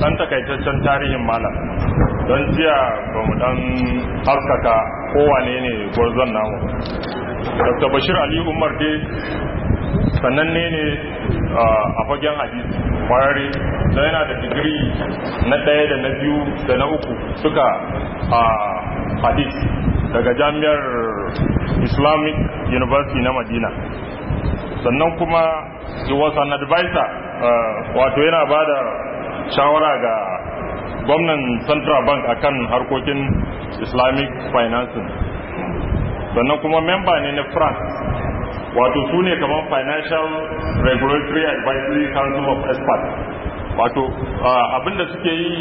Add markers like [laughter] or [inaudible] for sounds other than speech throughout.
ɗan takaitaccen tarihin malam don jiya ba mu ɗan haskaka kowane ne gwarzon namu dr bashir ali umar dai sananne ne a fagen hadisi kwararre don yana da digiri na ɗaya da na biyu da na uku suka a hadisi daga jami'ar islamic university na madina sannan kuma he was an wato yana ba da shawara ga gwamnan central bank akan harkokin islamic financing sannan kuma memba ne na france wato su ne kamar financial regulatory advisory council of experts wato abinda suke yi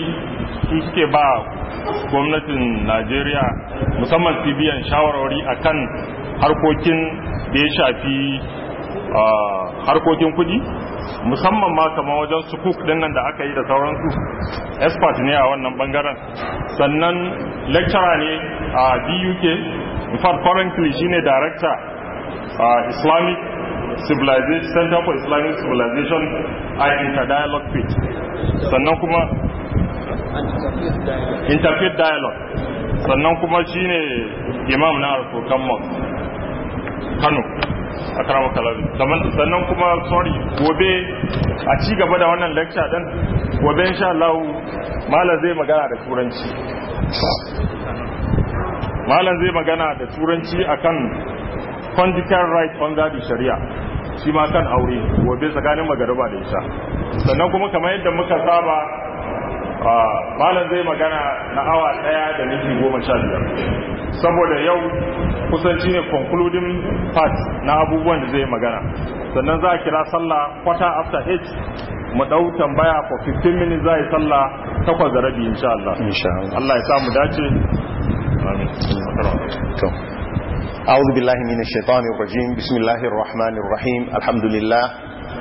su suke ba gwamnatin najeriya musamman cbn shawarwari akan harkokin da ya shafi harkokin kudi musamman ma kamar wajen sukuk nan da aka yi da sauransu expert ne a wannan bangaren sannan lecturer ne a BUK in fact currently shine director a Islamic civilization Center for Islamic Civilization a Interdialogue Pit sannan kuma Interfaith Dialogue sannan kuma shine imam na harkokan Kano a karama kalabi sannan kuma sorry gobe a ci gaba da wannan lecture din gobe insha Allah malam zai magana da turanci malam zai magana da turanci akan conjugal right under the sharia shi ma kan aure gobe tsakanin magariba da isha sannan kuma kamar yadda muka saba Ah, malam zai magana na awa daya da minti goma sha biyar saboda yau kusanci ne concluding part na abubuwan da zai magana sannan za a kira sallah quarter after eight mu dau tambaya for 15 minutes za a yi sallah takwas da rabi insha Allah insha Allah Allah ya samu dace amin to أعوذ بالله من الشيطان الرجيم بسم الله الرحمن الرحيم الحمد لله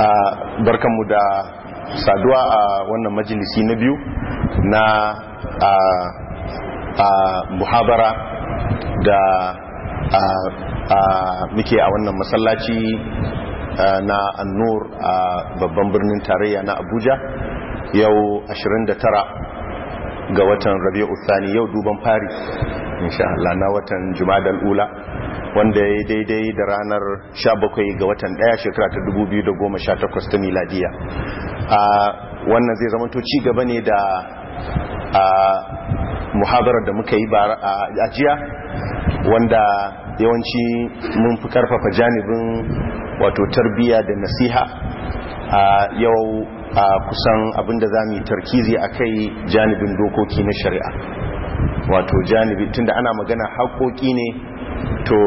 a barkanmu da saduwa a wannan majalisi na biyu na a muhabara da a muke a wannan masallaci na annur a babban birnin tarayya na abuja yau 29 ga watan rabi'u thani yau duban fari insha Allah na watan jumadal ula wanda ya daidai da ranar 17 ga watan 1 shekara ta 2018 ta miladiya wannan zai zama to ci gaba ne da muhabarar da muka yi a jiya wanda yawanci mun fi karfafa janibin wato tarbiya da nasiha a yau a kusan abinda za mu yi tarkizi a kai janibin dokoki na shari'a wato janibi tunda ana magana haƙoƙi ne to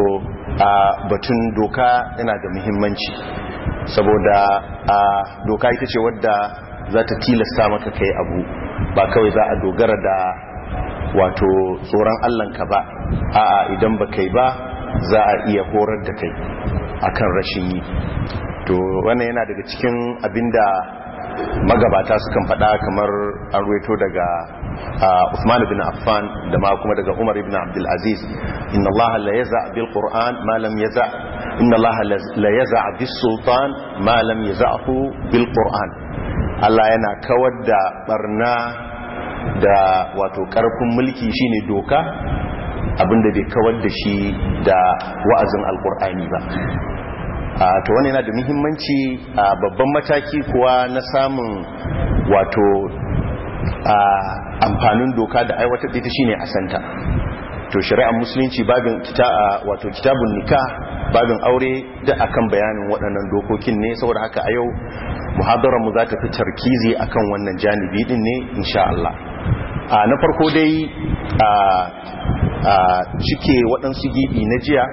a batun doka yana da muhimmanci saboda a doka ita ce wadda za ta tilasta maka kai abu ba kawai za a dogara da wato tsoron allanka ba a'a idan ba kai ba za a iya horar da kai akan rashin yi to wannan yana daga cikin abinda magabata sukan faɗa kamar an ruwaito daga Uthman ibn Affan da ma kuma daga Umar ibn Abdul Aziz inna Allah la yaza bil Qur'an ma lam yaza inna Allah la yaza bis sultan ma lam yazahu bil Qur'an Allah yana kawar da barna da wato karfin mulki shine doka abinda bai kawar da shi da wa'azin alkur'ani ba to wani yana da muhimmanci babban mataki kuwa na samun wato amfanin doka da aiwatar ita shine santa to shari'ar musulunci babin wato kitabun nikah babin aure da akan bayanin waɗannan dokokin ne saboda haka a yau muhadarar mu za ta fi tarkizi akan wannan janibi din ne insha Allah a na farko dai a a cike waɗansu gibi na jiya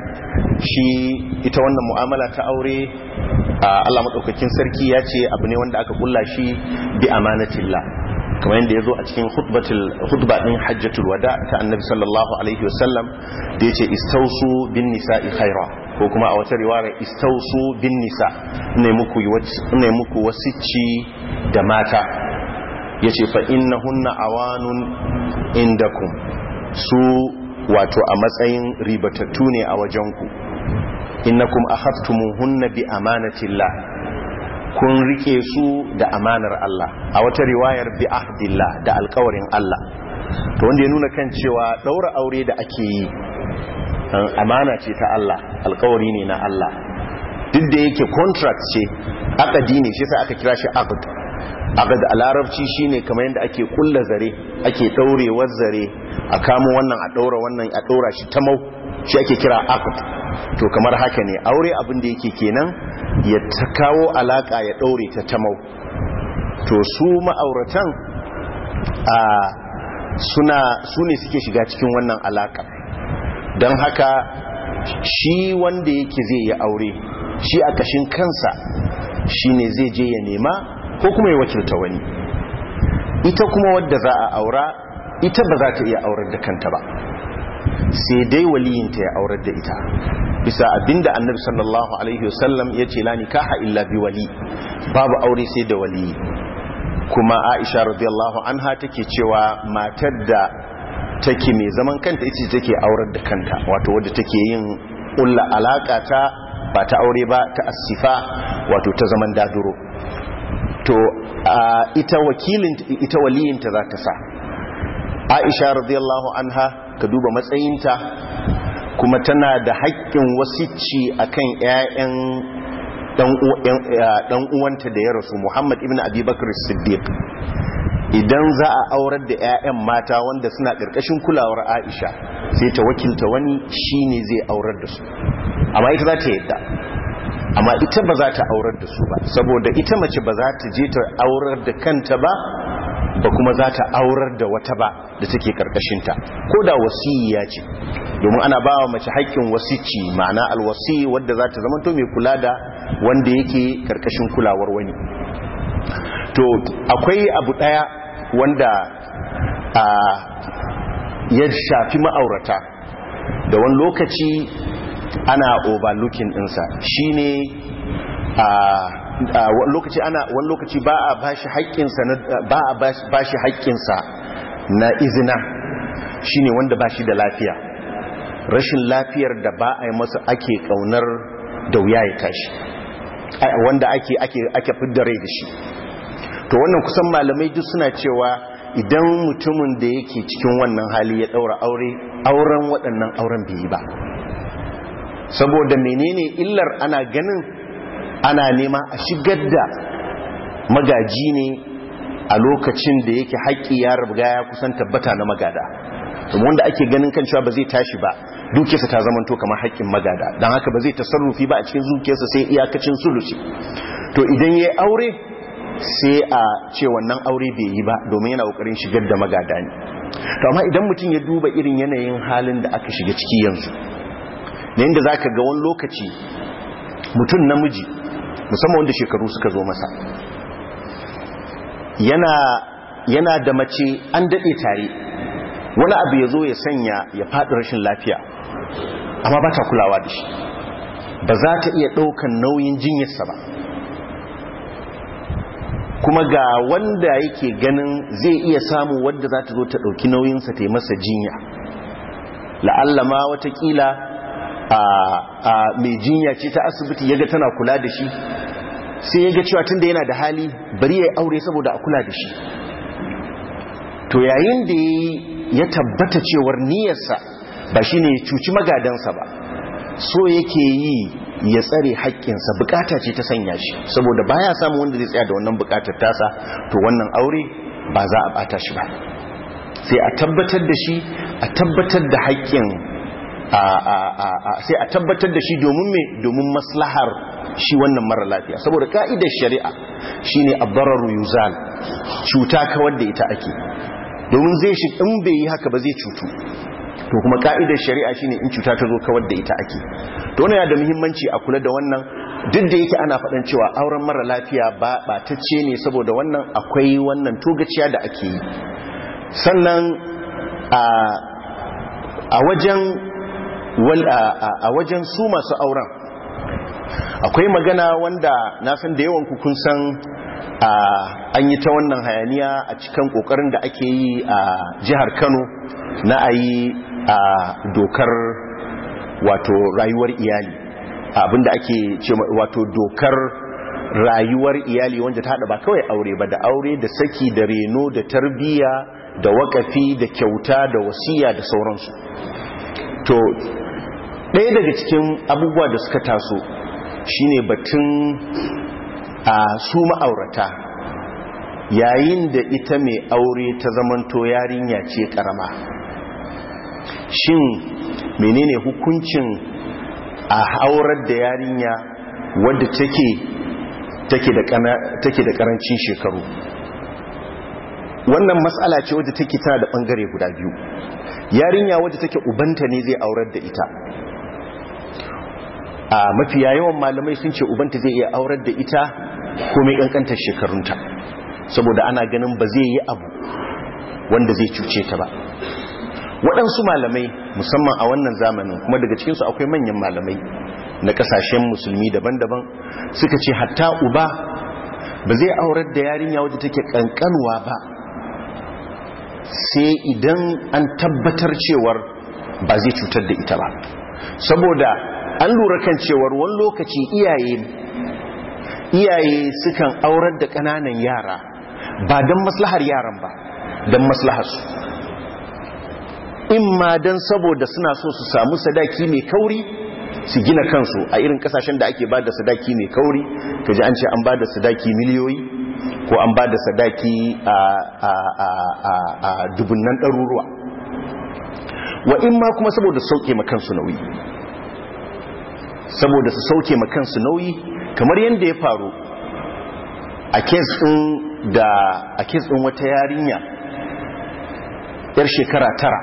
shi ita wannan mu'amala ta aure Allah maɗaukakin sarki ya ce abu ne wanda aka kulla shi bi amanatillah kamar yadda ya zo a cikin hutba ɗin hajjatul wada ta annabi sallallahu alaihi wasallam da ya ce istausu bin nisa'i khaira ko kuma a wata riwara istausu bin nisa ne muku wasicci da mata ya ce fa inna hunna awanun indakum su wato a matsayin ribatattu ne a wajenku innakum ahaftumuhunna bi amanatillah kun rike su da amanar Allah a wata riwayar bi ahdillah da alkawarin Allah to wanda ya nuna kan cewa daura aure da ake yi amana ce ta Allah alkawari ne na Allah duk da yake contract ce akadi ne shi sai aka kira shi aqd aqd a larabci shine kamar yadda ake kulla zare ake daurewar zare a kamo wannan a daura wannan a daura shi tamau shi ake kira aqd to kamar haka ne aure abin da yake kenan ya ta kawo alaka ya ɗaure ta ta mau to su ma'auratan a suna su ne suke shiga cikin wannan alaƙa. don haka shi wanda yake zai yi aure shi a kashin kansa shi ne zai je ya nema ko kuma ya wakilta wani ita kuma wadda za a aura ita ba za ta iya aurar da kanta ba sai dai waliyinta ya aurar da ita bisa abinda annabi sallallahu alaihi wasallam ya ce la kaha illa bi wali babu aure sai da wali kuma aisha radiyallahu anha take cewa matar da take mai zaman kanta ita ce take aurar da kanta wato wadda take yin ulla alaka ta ba ta aure ba ta asifa wato ta zaman daduro to ita wakilin ita waliyinta za ta sa aisha radiyallahu anha ka duba matsayinta kuma tana da haƙƙin wasicci akan 'ya'yan dan uwanta da ya rasu Muhammad ibn Abi Bakr Siddiq idan za a aurar da 'ya'yan mata wanda suna ƙarƙashin kulawar Aisha sai ta wakilta wani ne zai aurar da su amma ita za ta yadda amma ita ba za ta aurar da su ba saboda ita mace ba za ta je ta aurar da kanta ba ba kuma za ta aurar da wata ba da take karkashinta ko da ya ce domin ana ba wa mace haƙƙin wasici ma'ana alwasi wadda za ta zama to mai kula da wanda yake karkashin kulawar wani to akwai abu ɗaya wanda a ya shafi ma'aurata da wani lokaci ana overlooking ɗinsa shine a wani lokaci ana wani lokaci ba a bashi haƙƙinsa ba a bashi haƙƙinsa na izina shine wanda bashi da lafiya rashin lafiyar da ba a yi masa ake kaunar da wuya ya tashi wanda ake ake ake fidda rai da shi to wannan kusan malamai duk suna cewa idan mutumin da yake cikin wannan hali ya daura aure auren waɗannan auren bai yi ba saboda menene illar ana ganin ana nema a shigar da magaji ne a lokacin da yake haƙƙi ya rabga ya kusan tabbata na magada wanda ake ganin kan cewa ba zai tashi ba dukiyarsa ta zamanto kamar haƙƙin magada don haka ba zai tasarrufi ba a cikin zukiyarsa sai iyakacin sulusi to idan ya aure sai a ce wannan aure bai yi ba domin yana kokarin shigar da magada ne to amma idan mutum ya duba irin yanayin halin da aka shiga ciki yanzu ne inda ka ga wani lokaci mutum namiji musamman wanda shekaru suka zo masa yana yana da mace an daɗe tare wani abu ya zo ya sanya ya faɗi rashin lafiya amma ba ta kulawa da shi ba za ta iya ɗaukan nauyin jinyarsa ba kuma ga wanda yake ganin zai iya samu wanda za ta zo ta ɗauki nauyinsa ta yi masa jinya la'allama watakila mai jinya ce ta asibiti ya ga tana kula da shi sai ya ga cewa tunda yana da hali bari ya yi aure saboda a kula da shi to yayin da ya tabbata cewar niyarsa ba shine ya cuci magadansa ba so yake yi ya tsare haƙƙinsa bukata ce ta sanya shi saboda baya samun wanda zai tsaya da wannan bukatar tasa to wannan aure ba za a bata shi ba sai a tabbatar da shi a tabbatar da haƙƙin sai a tabbatar da shi domin me domin maslahar shi wannan mara lafiya saboda ka'idar shari'a shine abdararu yuzal cuta kawar da ita ake domin zai shi in bai yi haka ba zai cutu to kuma ka'idar shari'a shine in cuta ta zo kawar da ita ake to wannan yana da muhimmanci a kula da wannan duk da yake ana faɗan cewa auren mara lafiya ba batacce ne saboda wannan akwai wannan togaciya da ake yi sannan a wajen a wajen su masu auren akwai magana wanda na san da yawan kun san an yi ta wannan hayaniya a cikin kokarin da ake yi a jihar kano na a yi a dokar wato rayuwar iyali abinda ake ce wato dokar rayuwar iyali wanda ta haɗa ba kawai aure ba da aure da saki da reno da tarbiyya da wakafi da kyauta da wasiya da sauransu to ɗaya daga cikin abubuwa da suka taso shine batun a su ma'aurata yayin da ita mai aure ta zamanto yarinya ce karama shin menene hukuncin a aurar da yarinya wadda take da karancin shekaru wannan matsala ce wadda take tana da bangare guda biyu yarinya wadda take ubanta ne zai aurar da ita a mafiya yawan malamai sun ce ubanta zai iya aurar da ita ko mai kankantar shekarunta saboda ana ganin ba zai yi abu wanda zai cuce ta ba waɗansu malamai musamman a wannan zamanin kuma daga cikinsu akwai manyan malamai na ƙasashen musulmi daban-daban suka ce hatta uba ba zai aurar da yarinya wadda take ƙanƙanwa ba sai idan an tabbatar cewar ba zai cutar da ita ba saboda an lura kan cewar wani lokaci iyaye iyaye sukan aurar da ƙananan yara ba don maslahar yaran ba don maslaharsu in ma don saboda suna so su samu sadaki mai kauri su gina kansu a irin kasashen da ake ba da sadaki mai kauri ka ji an ce an ba da sadaki miliyoyi ko an ba da sadaki a dubunan ɗaruruwa wa in ma kuma saboda sauke makansu nauyi saboda su sauke ma kansu nauyi kamar yadda ya faru a kes din da wata yarinya yar shekara tara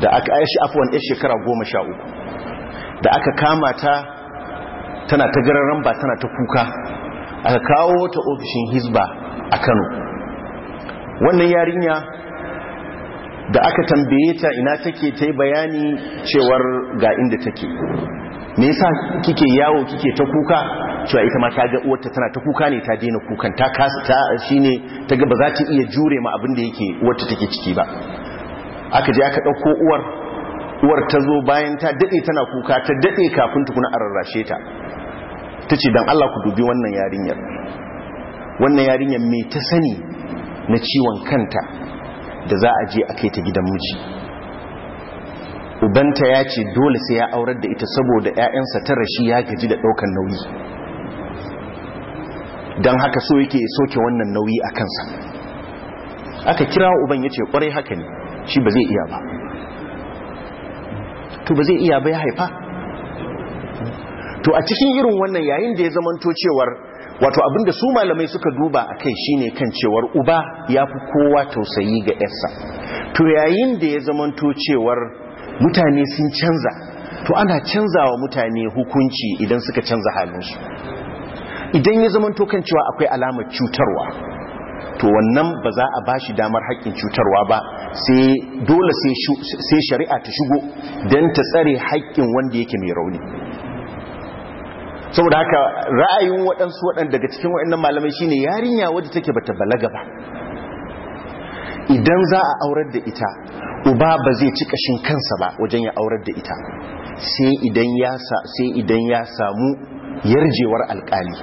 da aka aishi afwan yar shekara goma sha uku da aka kama ta tana ta gararan ba tana ta kuka aka kawo ta ofishin hisba a kano wannan yarinya da aka tambaye ta ina take ta bayani cewar ga inda take me yasa kike yawo kike ta kuka cewa ita ma ta ga uwarta tana ta kuka ne ta daina kukan ta kasa ta shine ta ga ba za ta iya jure ma abin da yake uwarta take ciki ba aka je aka dauko uwar uwar ta zo bayan ta dade tana kuka ta dade kafin tukuna a rarrashe ta tace dan Allah ku dubi wannan yarinyar wannan yarinyar me ta sani na ciwon kanta da za a je a kai ta gidan miji ubanta ya ce dole sai ya aurar da ita saboda 'ya'yansa ta rashi ya gaji da ɗaukan nauyi don haka so yake soke wannan nauyi a kansa aka kira uban ya ce kwarai haka ne shi ba zai iya ba to ba zai iya ba ya haifa to a cikin irin wannan yayin da ya zamanto cewar wato abinda su malamai suka duba a kai shine kan cewar uba ya fi kowa tausayi ga yarsa to yayin da ya zamanto cewar mutane sun canza to ana canza wa mutane hukunci idan suka canza halinsu idan ya zamanto kan cewa akwai alamar cutarwa to wannan ba za a bashi damar haƙƙin cutarwa ba sai dole sai shari'a ta shigo don ta tsare haƙƙin wanda yake mai rauni saboda haka ra'ayin waɗansu waɗanda daga cikin waɗannan malamai shine yarinya wadda take bata balaga ba idan za a aurar da ita uba ba zai ci kashin kansa ba wajen ya aurar da ita sai idan ya sai idan ya samu yarjewar alƙali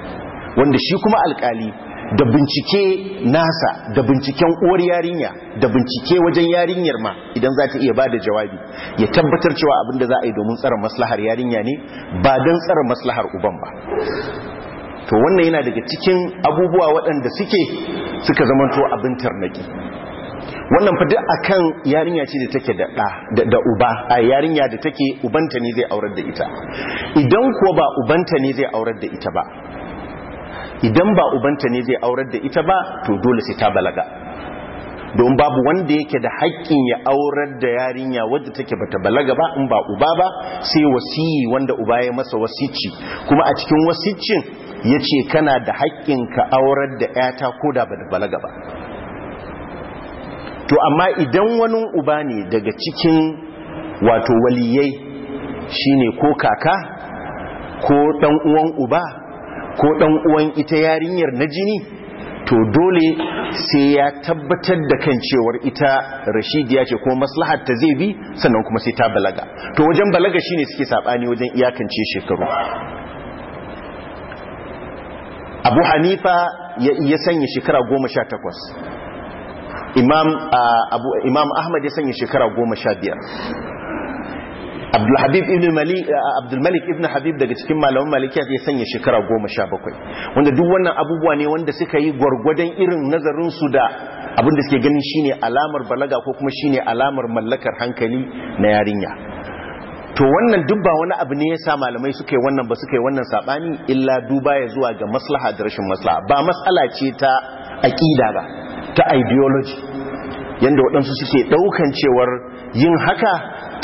wanda shi kuma alƙali da bincike nasa da binciken uwar yarinya da bincike wajen yarinyar ma idan za ta iya ba da jawabi ya tabbatar cewa abin da za a yi domin tsara maslahar yarinya ne ba don tsara maslahar uban ba to wannan yana daga cikin abubuwa waɗanda suke suka zamanto abin tarnaki wannan fa a kan yarinya ce da take da da da uba a yarinya da take ubanta ne zai aurar da ita idan kuwa ba ubanta ne zai aurar da ita ba idan ba ubanta ne zai aurar da ita ba to dole sai ta balaga don babu wanda yake da haƙƙin ya aurar da yarinya wadda take bata balaga ba in ba uba ba sai wasiyi wanda uba ya masa wasici kuma a cikin wasicin yace kana da haƙƙin ka aurar da yata ko da bata balaga ba to amma idan wani uba ne daga cikin wato waliyai shine ko kaka ko ɗan uwan uba ko ɗan uwan ita yarinyar na jini to dole sai ya tabbatar da kan cewar ita ya ce kuma maslahar ta zai bi sannan kuma sai ta balaga to wajen balaga shine suke sabani wajen iyakance shekaru abu hanifa ya sanya shekara goma sha takwas imam ahmad ya sanya shekara goma sha biyar Abdulhabib ibn Malik Abdul Malik ibn Habib daga cikin malaman Malikiyya ya sanya shekara 17 wanda duk wannan abubuwa ne wanda suka yi gwargwadon irin nazarin su da abin da suke ganin shine alamar balaga ko kuma shine alamar mallakar hankali na yarinya to wannan duk ba wani abu ne yasa malamai suka yi wannan ba suka yi wannan sabani illa duba ya zuwa ga maslaha da rashin maslaha ba mas'ala ce ta aqida ba ta ideology yanda waɗansu suke ɗaukan cewar yin haka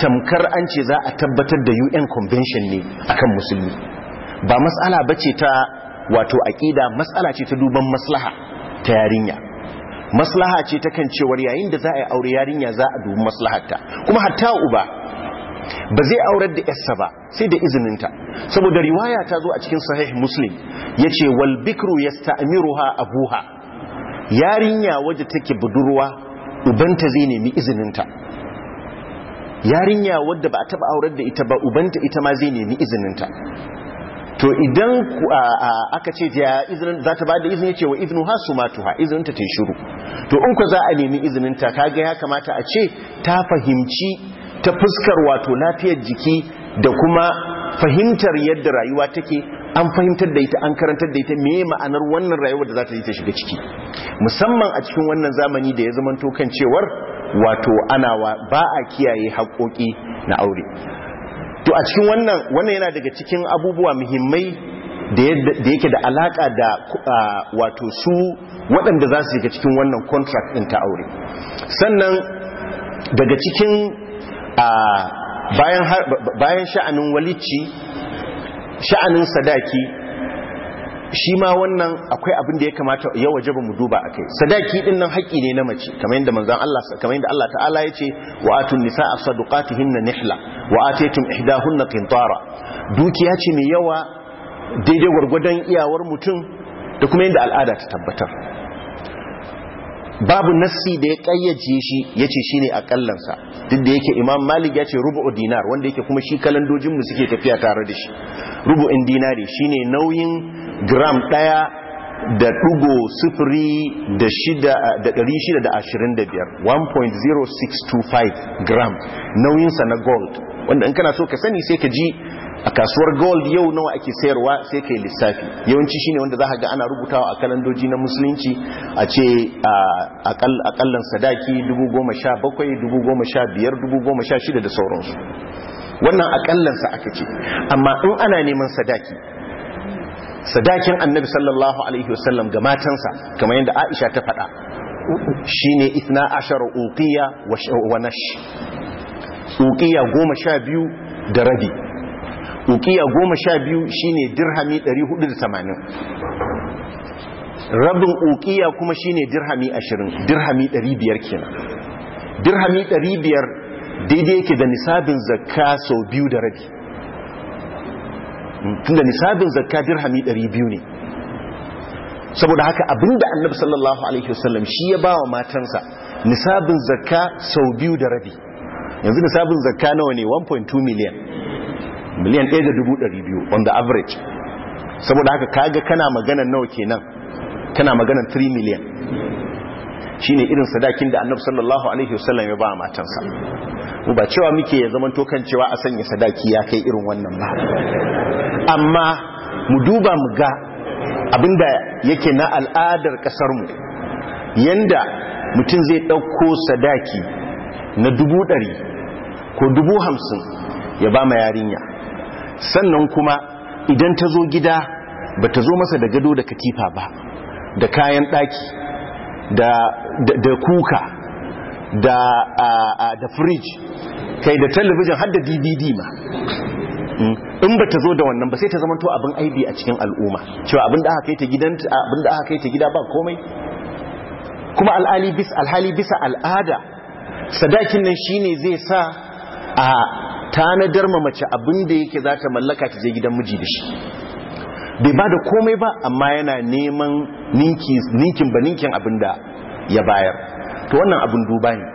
tamkar an ce za a tabbatar da un convention ne akan musulmi ba matsala ba ce ta wato aƙida matsala ce ta duban maslaha ta yarinya maslaha ce ta kan cewar yayin da za a yi aure yarinya za a dubi maslahatta kuma hatta uba ba zai aurar da yarsa ba sai da izininta saboda riwaya ta zo a cikin sahih muslim ya ce wal bikru yasta'miruha abuha yarinya waje take budurwa ubanta zai nemi izininta yarinya wadda ba a taba aurar da ita ba ubanta ita ma zai nemi izininta to idan aka ce ya izinin za ta ba da izini cewa izinu ha su matuha izininta ta yi shuru to in ku za a nemi izininta kaga ya kamata a ce ta fahimci ta fuskar wato lafiyar jiki da kuma fahimtar yadda rayuwa take an fahimtar da ita an karantar da ita me ma'anar wannan rayuwar da za ta yi ta shiga ciki musamman a cikin wannan zamani da ya zamanto kan cewar wato ana ba a kiyaye haƙoƙi na aure to a cikin wannan wannan yana daga cikin abubuwa muhimmai da yake da alaƙa da wato su waɗanda za su daga cikin wannan contract ɗin ta aure sannan daga cikin bayan sha'anin walici sha'anin sadaki shi ma wannan akwai abin da ya kamata ya ba mu duba a kai sadaki din nan haƙi ne na mace kamar yadda manzon Allah kamar yadda Allah ta'ala Ya wa atun nisaa sadaqatihinna nihla wa ataytum ihdahunna qintara dukiya ce mai yawa daidai gwargwadon iyawar mutum da kuma yadda al'ada ta tabbatar babu nassi da ya kayyace shi yace shine akallansa duk da yake Imam Malik ya ce rubu'u dinar wanda yake kuma shi kalandojin mu suke tafiya tare da shi rubu'in dinari shine nauyin gram ɗaya da ɗugo sufuri da shida da ɗari shida da ashirin da biyar 1.0625 gram nauyinsa na gold wanda in kana so ka sani sai ka ji a kasuwar gold yau nawa ake sayarwa sai ka yi lissafi yawanci shine wanda za ka ga ana rubutawa a kalandoji na musulunci a ce A akallan sadaki 17,015,16,000 da sauransu wannan akallansa aka ce amma in ana neman sadaki sadakin annabi sallallahu alaihi wasallam ga matansa kamar yadda aisha ta faɗa shine ithna ashara uqiya wa nash uqiya goma sha biyu da rabi uqiya goma sha biyu shine dirhami 480 rabin uqiya kuma shine dirhami 20 dirhami 500 kenan dirhami 500 daidai yake da nisabin zakka sau biyu da rabi tunda nisabin zakka dirhami 200 ne saboda haka abinda annabi sallallahu alaihi wasallam shi ya bawa matansa nisabin zakka sau biyu da rabi yanzu nisabin zakka nawa ne 1.2 miliyan million 1.200 on the average saboda haka kaga kana maganan nawa kenan kana maganan 3 million. shine irin sadakin da annabi sallallahu alaihi wasallam ya ba matansa mu ba cewa muke ya zaman to a sanya sadaki ya kai irin wannan ba amma mu duba mu ga da yake na al'adar kasar mu yanda mutum zai ɗauko sadaki na dubu ɗari ko dubu hamsin ya ba ma yarinya sannan kuma idan ta zo gida ba ta zo masa da gado da katifa ba da kayan ɗaki. da da kuka da da fridge kai da talabijin har da dvd ma hmm. in ba ta zo da wannan ba sai ta to abin aibi a cikin al'umma cewa abin da aka kai ta gidan abin da aka kai ta gida ba komai kuma al'ali bis alhali bisa al'ada sadakin nan shine zai sa a tanadar mace abin da yake za ta mallaka ta je gidan miji da shi bai ba da komai ba amma yana neman ninkin ba ninkin abin da ya bayar to wannan abin duba ne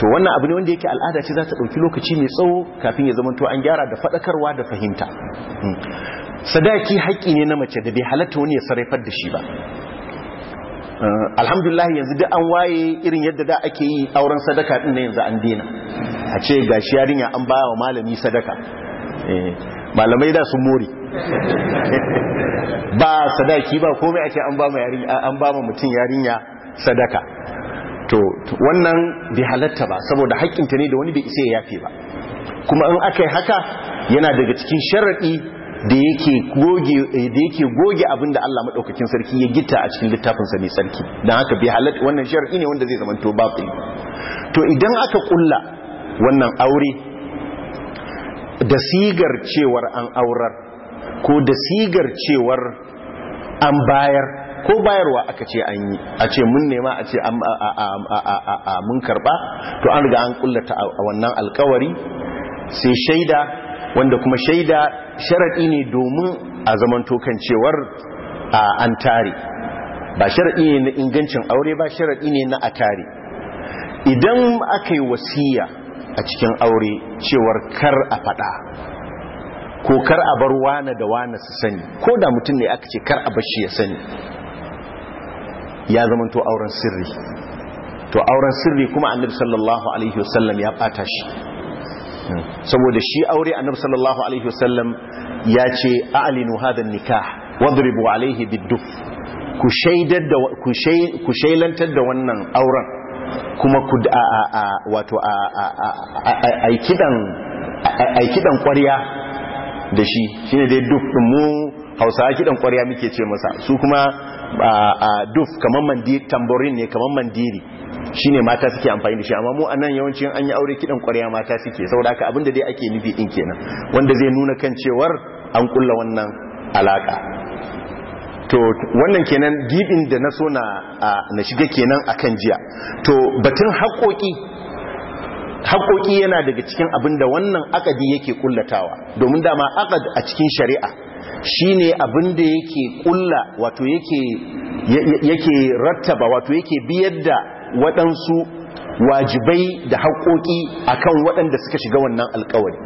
to wannan abu ne wanda yake al'ada ce za ta ɗauki lokaci mai tsawo kafin ya zama to an gyara da faɗakarwa da fahimta hmm. sadaki haƙƙi ne na mace da bai halatta wani ya sarrafar da shi ba uh, alhamdulillah yanzu duk an waye irin yadda da ake yi auren sadaka ɗin na yanzu an dena a ce ga shi yarinya an ba wa malami sadaka eh, malamai da sun mori ba sadaki ba komai ake an ba mu an ba mu mutum yarinya sadaka to wannan bi halatta ba saboda haƙƙinta ne da wani bai isa ya yafe ba kuma in aka haka yana daga cikin sharaɗi da yake goge da yake goge abinda Allah madaukakin sarki ya gita a cikin sa mai sarki dan haka bi halatta wannan sharaɗi ne wanda zai zama to babu. to idan aka kulla wannan aure da sigar cewar an aurar ko da sigar cewar an bayar ko bayarwa aka ce an yi a ce mun nema a ce mun karba to an riga an kullata a wannan alkawari sai shaida wanda kuma shaida sharaɗi ne domin a zaman kan cewar an tare ba sharaɗi ne na ingancin aure ba sharaɗi ne na a tare idan aka yi wasiya a cikin aure cewar kar a faɗa ko kar a bar wane da wane su sani ko da mutum ne aka ce kar a bar shi ya sani ya zama to auren sirri to auren sirri kuma annabi sallallahu alaihi wasallam ya bata shi saboda shi aure annabi sallallahu alaihi wasallam ya ce a'linu hadha nikah wadribu alaihi bidduf ku shaidar da ku shailantar da wannan auren kuma ku a a a wato a a kidan a kidan ƙwarya da shi shine dai duk mu Hausawa kidan ƙwarya muke ce masa su kuma a duf kamar mandiri tamborin ne kamar mandiri shine mata suke amfani da shi amma mu anan yawanci an yi aure kidan ƙwarya mata suke saboda haka abinda dai ake nufi din kenan wanda zai nuna kan cewar an kulla wannan alaka to wannan kenan gibin da na so na na shiga kenan akan jiya to batun haƙoƙi haƙoƙi yana daga cikin abinda da wannan akadi yake kullatawa domin dama akad a cikin shari'a shine abin da yake kulla wato yake yake rattaba wato yake biyar da waɗansu wajibai da haƙoƙi akan waɗanda suka shiga wannan alƙawari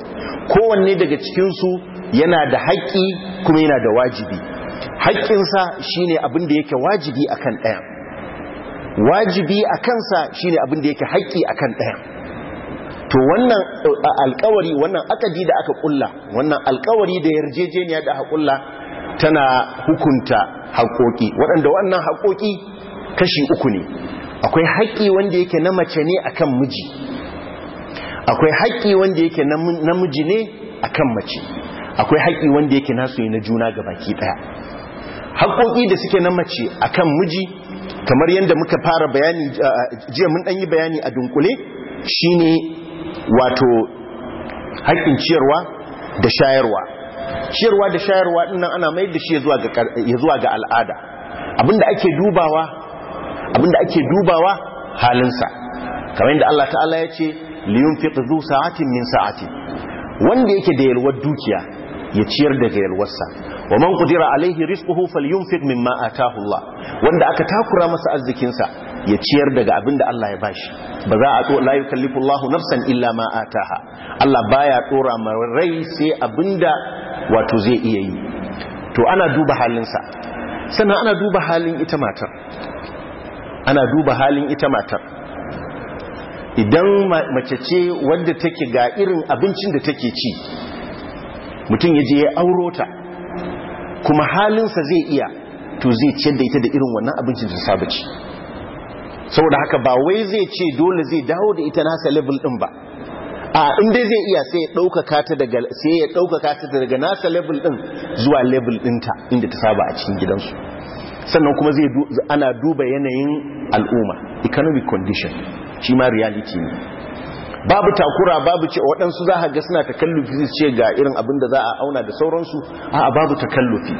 kowanne daga cikinsu yana da haƙƙi kuma yana da wajibi haƙƙinsa shine abin da yake wajibi akan ɗaya wajibi a kansa shine abin da yake haƙƙi akan ɗaya to wannan alkawari wannan akadi da aka ƙulla wannan alkawari da yarjejeniya da aka tana hukunta haƙoƙi waɗanda wannan haƙoƙi kashi uku ne akwai haƙƙi wanda yake na mace ne akan miji akwai haƙƙi wanda yake namiji ne akan mace akwai haƙƙi wanda yake nasu ne na juna ga baki ɗaya haƙoƙi da suke na mace akan miji kamar yadda muka fara bayani jiya mun yi bayani a dunkule shine wato haƙƙin ciyarwa da shayarwa ciyarwa da shayarwa ɗinnan ana mai da shi ya zuwa ga al'ada abinda ake dubawa abinda ake dubawa halinsa kamar yadda Allah ta'ala ya ce liyun fi zu sa'atin min sa'atin wanda yake da yalwar dukiya ya ciyar da daga yalwarsa wa man qudira alaihi rizquhu falyunfiq mimma ataahu Allah wanda aka takura masa arzikinsa ya ciyar daga abinda Allah ya bashi ba za a to la yukallifu Allahu nafsan illa ma ataha Allah baya dora ma rai sai abinda wato zai iya yi to ana duba halinsa sannan ana duba halin ita matar ana duba halin ita matar idan mace ce wanda take ga irin abincin da take ci mutum ya je ya auro ta kuma halinsa zai iya to zai ciyar da ita da irin wannan abincin da saba ci saboda haka ba wai zai ce dole zai dawo da ita nasa level din ba a inda zai iya sai ya ɗaukaka ta daga sai ya ɗaukaka ta daga nasa level din zuwa level ɗinta inda ta saba a cikin gidansu sannan kuma zai ana duba yanayin al'umma economic condition shi ma reality ne babu takura babu ce waɗansu za a ga suna takallufi su ce ga irin abin da za a auna da sauransu a babu takallufi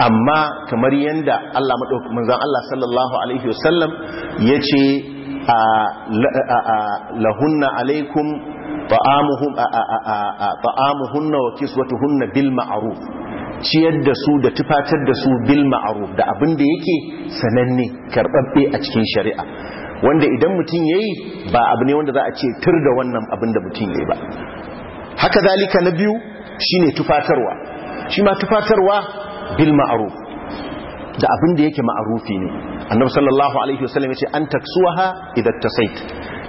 amma kamar yadda Allah manzan Allah sallallahu alaihi wasallam ya ce a lahunna alaikum ta'amuhunna wa kiswatuhunna bil ma'ruf ciyar da su da tufatar da su bil ma'ruf da abin da yake sananne karɓaɓɓe a cikin shari'a wanda idan mutum ya yi ba abu ne wanda za a ce tur da wannan abin da mutum ya yi ba haka zalika na biyu shine tufatarwa shi ma tufatarwa bil ma'aruf da abin da yake ma'arufi ne annabi sallallahu alaihi wasallam ya ce an ha idan ta tasait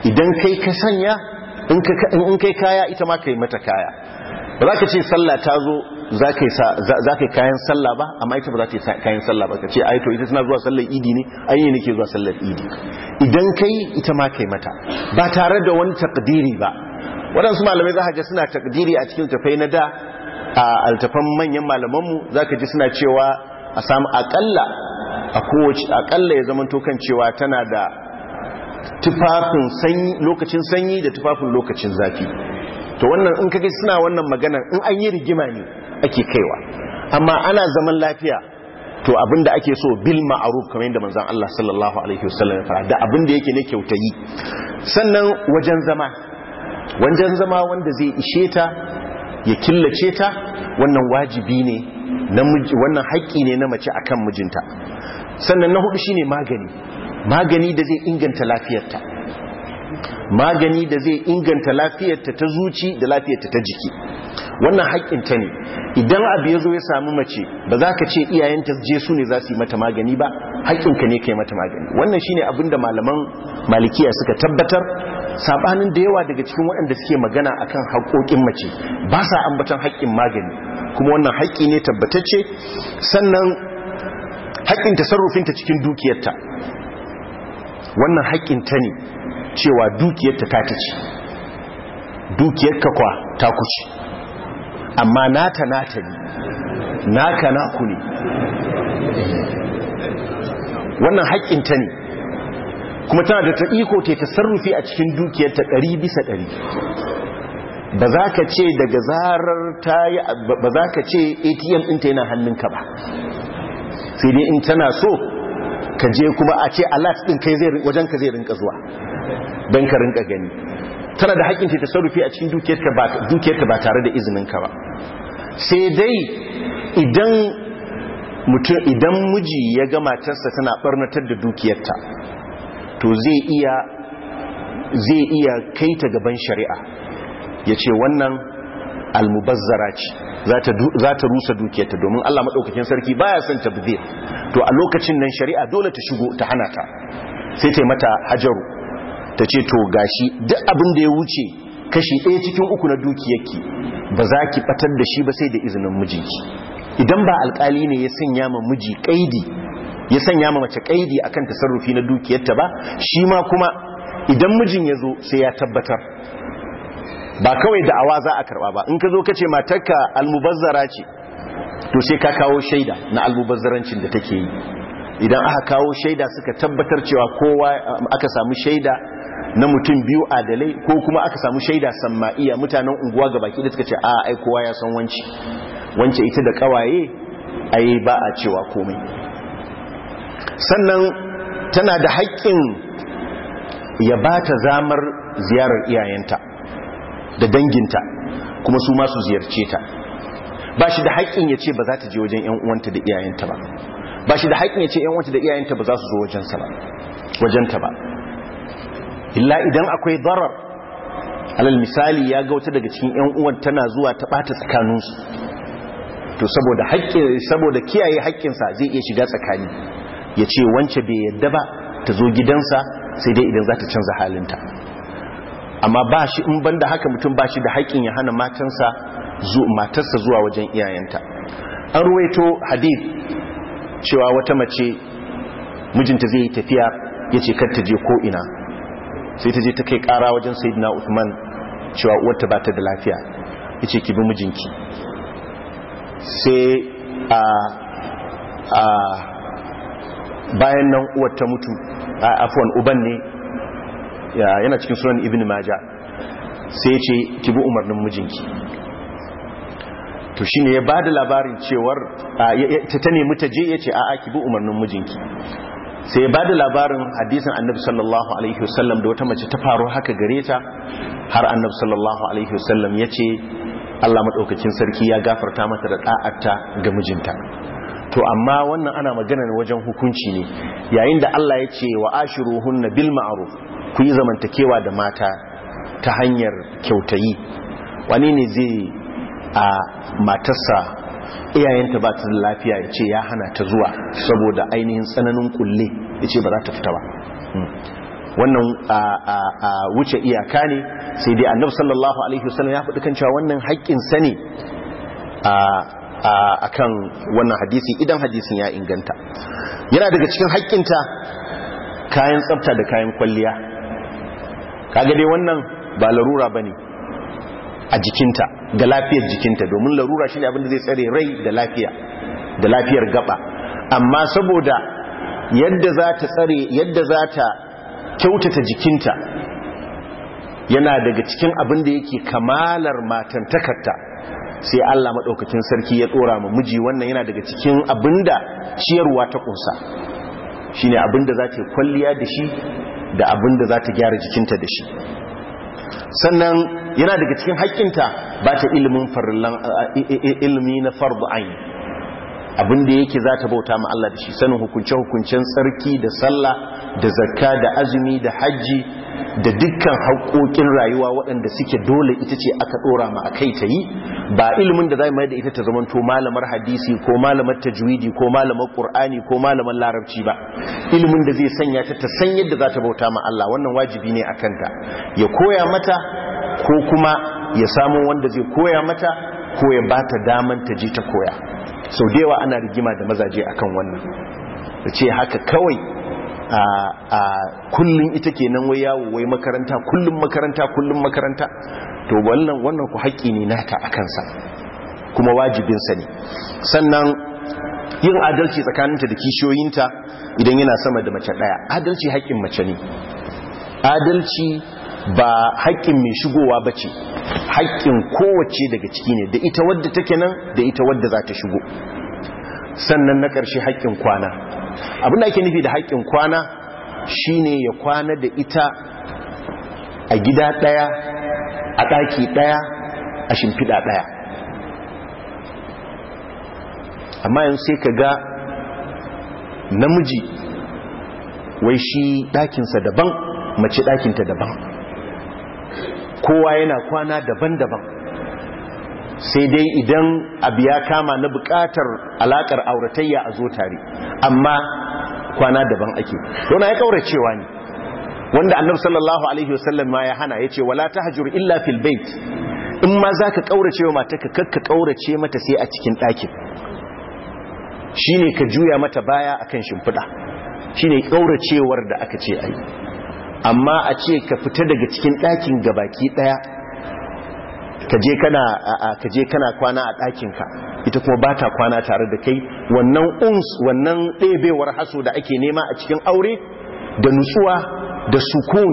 idan kai ka sanya in kai kaya ita ma kai mata kaya ba za ka ce sallah ta zo za ka yi kayan sallah ba amma ita ba za ka yi kayan sallah ba ka ce aito to ita suna zuwa sallar idi ne ai nake zuwa sallar idi idan kai ita ma kai mata ba tare da wani takdiri ba waɗansu malamai za ka ji suna takdiri a cikin tafai na da a altafan manyan malamanmu za ka ji suna cewa a samu akalla a kowace akalla ya zama tokan cewa tana da tufafin lokacin sanyi da tufafin lokacin zafi to wannan in kage suna wannan magana in an yi rigima ne ake kaiwa amma ana zaman lafiya to abinda ake so bil ma'aruf kamar yadda manzon Allah sallallahu alaihi wasallam ya fara da abinda yake ne kyautayi sannan wajen zama wajen zama wanda zai ishe ta ya killace ta wannan wajibi ne wannan haƙƙi ne na mace akan mijinta sannan na hudu shine magani magani da zai inganta lafiyarta magani da zai inganta lafiyarta ta zuci da lafiyarta ta jiki wannan haƙƙinta ne idan abu ya zo ya sami mace ba za ka ce iyayenta je su ne za su yi mata magani ba haƙƙinka ne ka yi mata magani wannan shi ne abin da malaman malikiya suka tabbatar saɓanin da yawa daga cikin waɗanda suke magana akan haƙoƙin mace ba sa ambatan haƙƙin magani kuma wannan haƙƙi ne tabbatacce sannan haƙƙin tasarrufinta cikin dukiyarta wannan haƙƙin ta ne cewa dukiyarta ta ta ce dukiyarka kwa ta kuce amma nata nata ne naka naku ne wannan haƙƙinta ne kuma tana da ta iko ta sarrufi a cikin dukiyarta ɗari bisa ɗari ba za ka ce daga zarar ta yi ba za ka ce atm ɗinta yana hannunka ba sai dai in tana so ka je kuma a ce alat din kai zai wajen ka zai rinka zuwa don ka rinka gani tana da haƙƙin ta sarrufi a cikin dukiyarta ba tare da izinin ka ba sai dai idan mutum idan miji ya ga matarsa tana barnatar da dukiyarta to zai iya zai iya kai ta gaban shari'a ya ce wannan almubazzara ce za ta rusa dukiyarta domin Allah maɗaukakin sarki baya son ta buge to a lokacin nan shari'a dole ta shigo ta hana ta sai ta mata hajaru ta ce to gashi duk abin da ya wuce kashi ɗaya cikin uku na dukiyarki ba za ki ɓatar da shi ba sai da izinin mijinki idan ba alƙali ne ya sanya ma miji kaidi ya sanya ma mace kaidi akan tasarrufi na dukiyarta ba shi ma kuma idan mijin ya zo sai ya tabbatar ba kawai da awa za a karba ba in ka zo ka ce matarka almubazzara ce to sai ka kawo shaida na almubazzarancin da take yi idan aka kawo shaida suka tabbatar cewa kowa um, aka samu shaida na mutum biyu adalai ko kuma aka samu shaida samma'iya mutanen unguwa ga baki da suka ce a ai kowa ya san wanci wance ita da kawaye ai ba a cewa komai sannan tana da haƙƙin ya ba ta zamar ziyarar iyayenta da danginta kuma su ma su ziyarce ta ba shi da haƙƙin ya ce ba za ta je wajen yan uwanta da iyayenta ba ba shi da haƙƙin ya ce yan uwanta da iyayenta ba za su zo wajensa ba ta ba illa idan akwai darar alal misali ya ga wata daga cikin yan uwan tana zuwa ta bata tsakaninsu to saboda haƙƙin saboda kiyaye sa zai iya shiga tsakani ya ce wance bai yadda ba ta zo gidansa sai dai idan za ta canza halinta amma ba shi in banda haka mutum ba shi da haƙƙin ya hana matansa matarsa zuwa wajen iyayenta an ruwaito hadith cewa wata mace mijinta zai yi tafiya ya ce kar ta je ko'ina sai ta je ta kai ƙara wajen sayidina usman cewa uwarta ba ta da lafiya ya ce ki bi mijinki sai a bayan nan uwar ta mutu a afuwan uban ne yana cikin sunan ibn maja sai ce ki bi umarnin mijinki to shine ya bada labarin cewar ta nemi ta je yace a'a ki bi umarnin mijinki sai ya bada labarin hadisin annabi sallallahu alaihi wasallam da wata mace ta faru haka gare ta har annabi sallallahu alaihi wasallam yace Allah madaukakin sarki ya gafarta mata da da'atta ga mijinta to amma wannan ana magana ne wajen hukunci ne yayin da Allah ya ce wa hunna bil ma'ruf ku yi zamantakewa da mata ta hanyar kyautayi wani ne zai a matarsa iyayenta ba ta lafiya ya ce ya hana ta zuwa saboda ainihin tsananin kulle ya ce ba za ta fita ba hmm. wannan a wuce iyaka ne sai dai annabi sallallahu alaihi wasallam ya faɗi kan cewa wannan haƙƙin sani a kan wannan hadisi idan hadisin ya inganta yana daga cikin haƙƙinta kayan tsafta da kayan kwalliya kaga dai wannan ba larura bane a jikinta ga lafiyar jikinta domin larura shine abin da zai tsare rai da lafiya da lafiyar gaba amma saboda yadda za ta tsare yadda za ta kyautata jikinta yana daga cikin abin da yake kamalar matantakarta sai Allah madaukakin sarki ya tsora ma miji wannan yana daga cikin abinda ciyarwa ta ƙusa shine abinda abin da kwalliya da shi da abin da za ta gyara jikinta da shi sannan yana daga cikin haƙƙinta ba ta ilimi na fardu ayi abin da yake za ta bauta ma Allah da shi sanin hukunce-hukuncen tsarki da sallah da zakka da azumi da hajji da dukkan haƙoƙin rayuwa waɗanda suke dole ita ce aka ɗora ma a kai ta yi ba ilimin da za mu da ita ta zamanto malamar hadisi ko malamar tajwidi ko malamar ƙur'ani ko malamar larabci ba ilimin da zai sanya ta ta san yadda za ta bauta ma Allah wannan wajibi ne a kanta ya koya mata ko kuma ya samu wanda zai koya mata ko ya ba ta daman ta je ta koya sau da yawa ana rigima da mazaje akan wannan ce haka kawai a kullum ita kenan wai yawo wai makaranta kullum makaranta kullum makaranta to wannan wannan ku haƙƙi ne nata a kansa kuma wajibinsa ne sannan yin adalci tsakaninta da kishiyoyinta idan yana sama da mace ɗaya adalci haƙƙin mace ne adalci ba haƙƙin mai shigowa bace ce haƙƙin kowace daga ciki ne da ita wadda take nan da ita wadda za ta shigo sannan na ƙarshe haƙƙin kwana abin da ake nufi da haƙƙin kwana shine ya kwana da ita a gida ɗaya a ɗaki ɗaya a shimfiɗa ɗaya amma yanzu sai ka ga namiji wai shi ɗakinsa daban mace ɗakinta daban kowa yana kwana daban-daban sai dai idan abu ya kama na bukatar alakar auratayya a zo tare amma kwana daban ake don ya cewa ne wanda annabi sallallahu alaihi wasallam ma ya hana yace wala tahjur illa fil bait in ma zaka cewa mata ka kakka kaurace mata sai a cikin ɗakin shine ka juya mata baya akan shimfiɗa shine kauracewar da aka ce ai amma a ce ka fita daga cikin ɗakin ga baki ɗaya kaje kana kaje kana kwana a ɗakinka ita kuma ba ta kwana tare da kai wannan uns wannan ɗebewar haso da ake nema a cikin aure da nutsuwa da sukun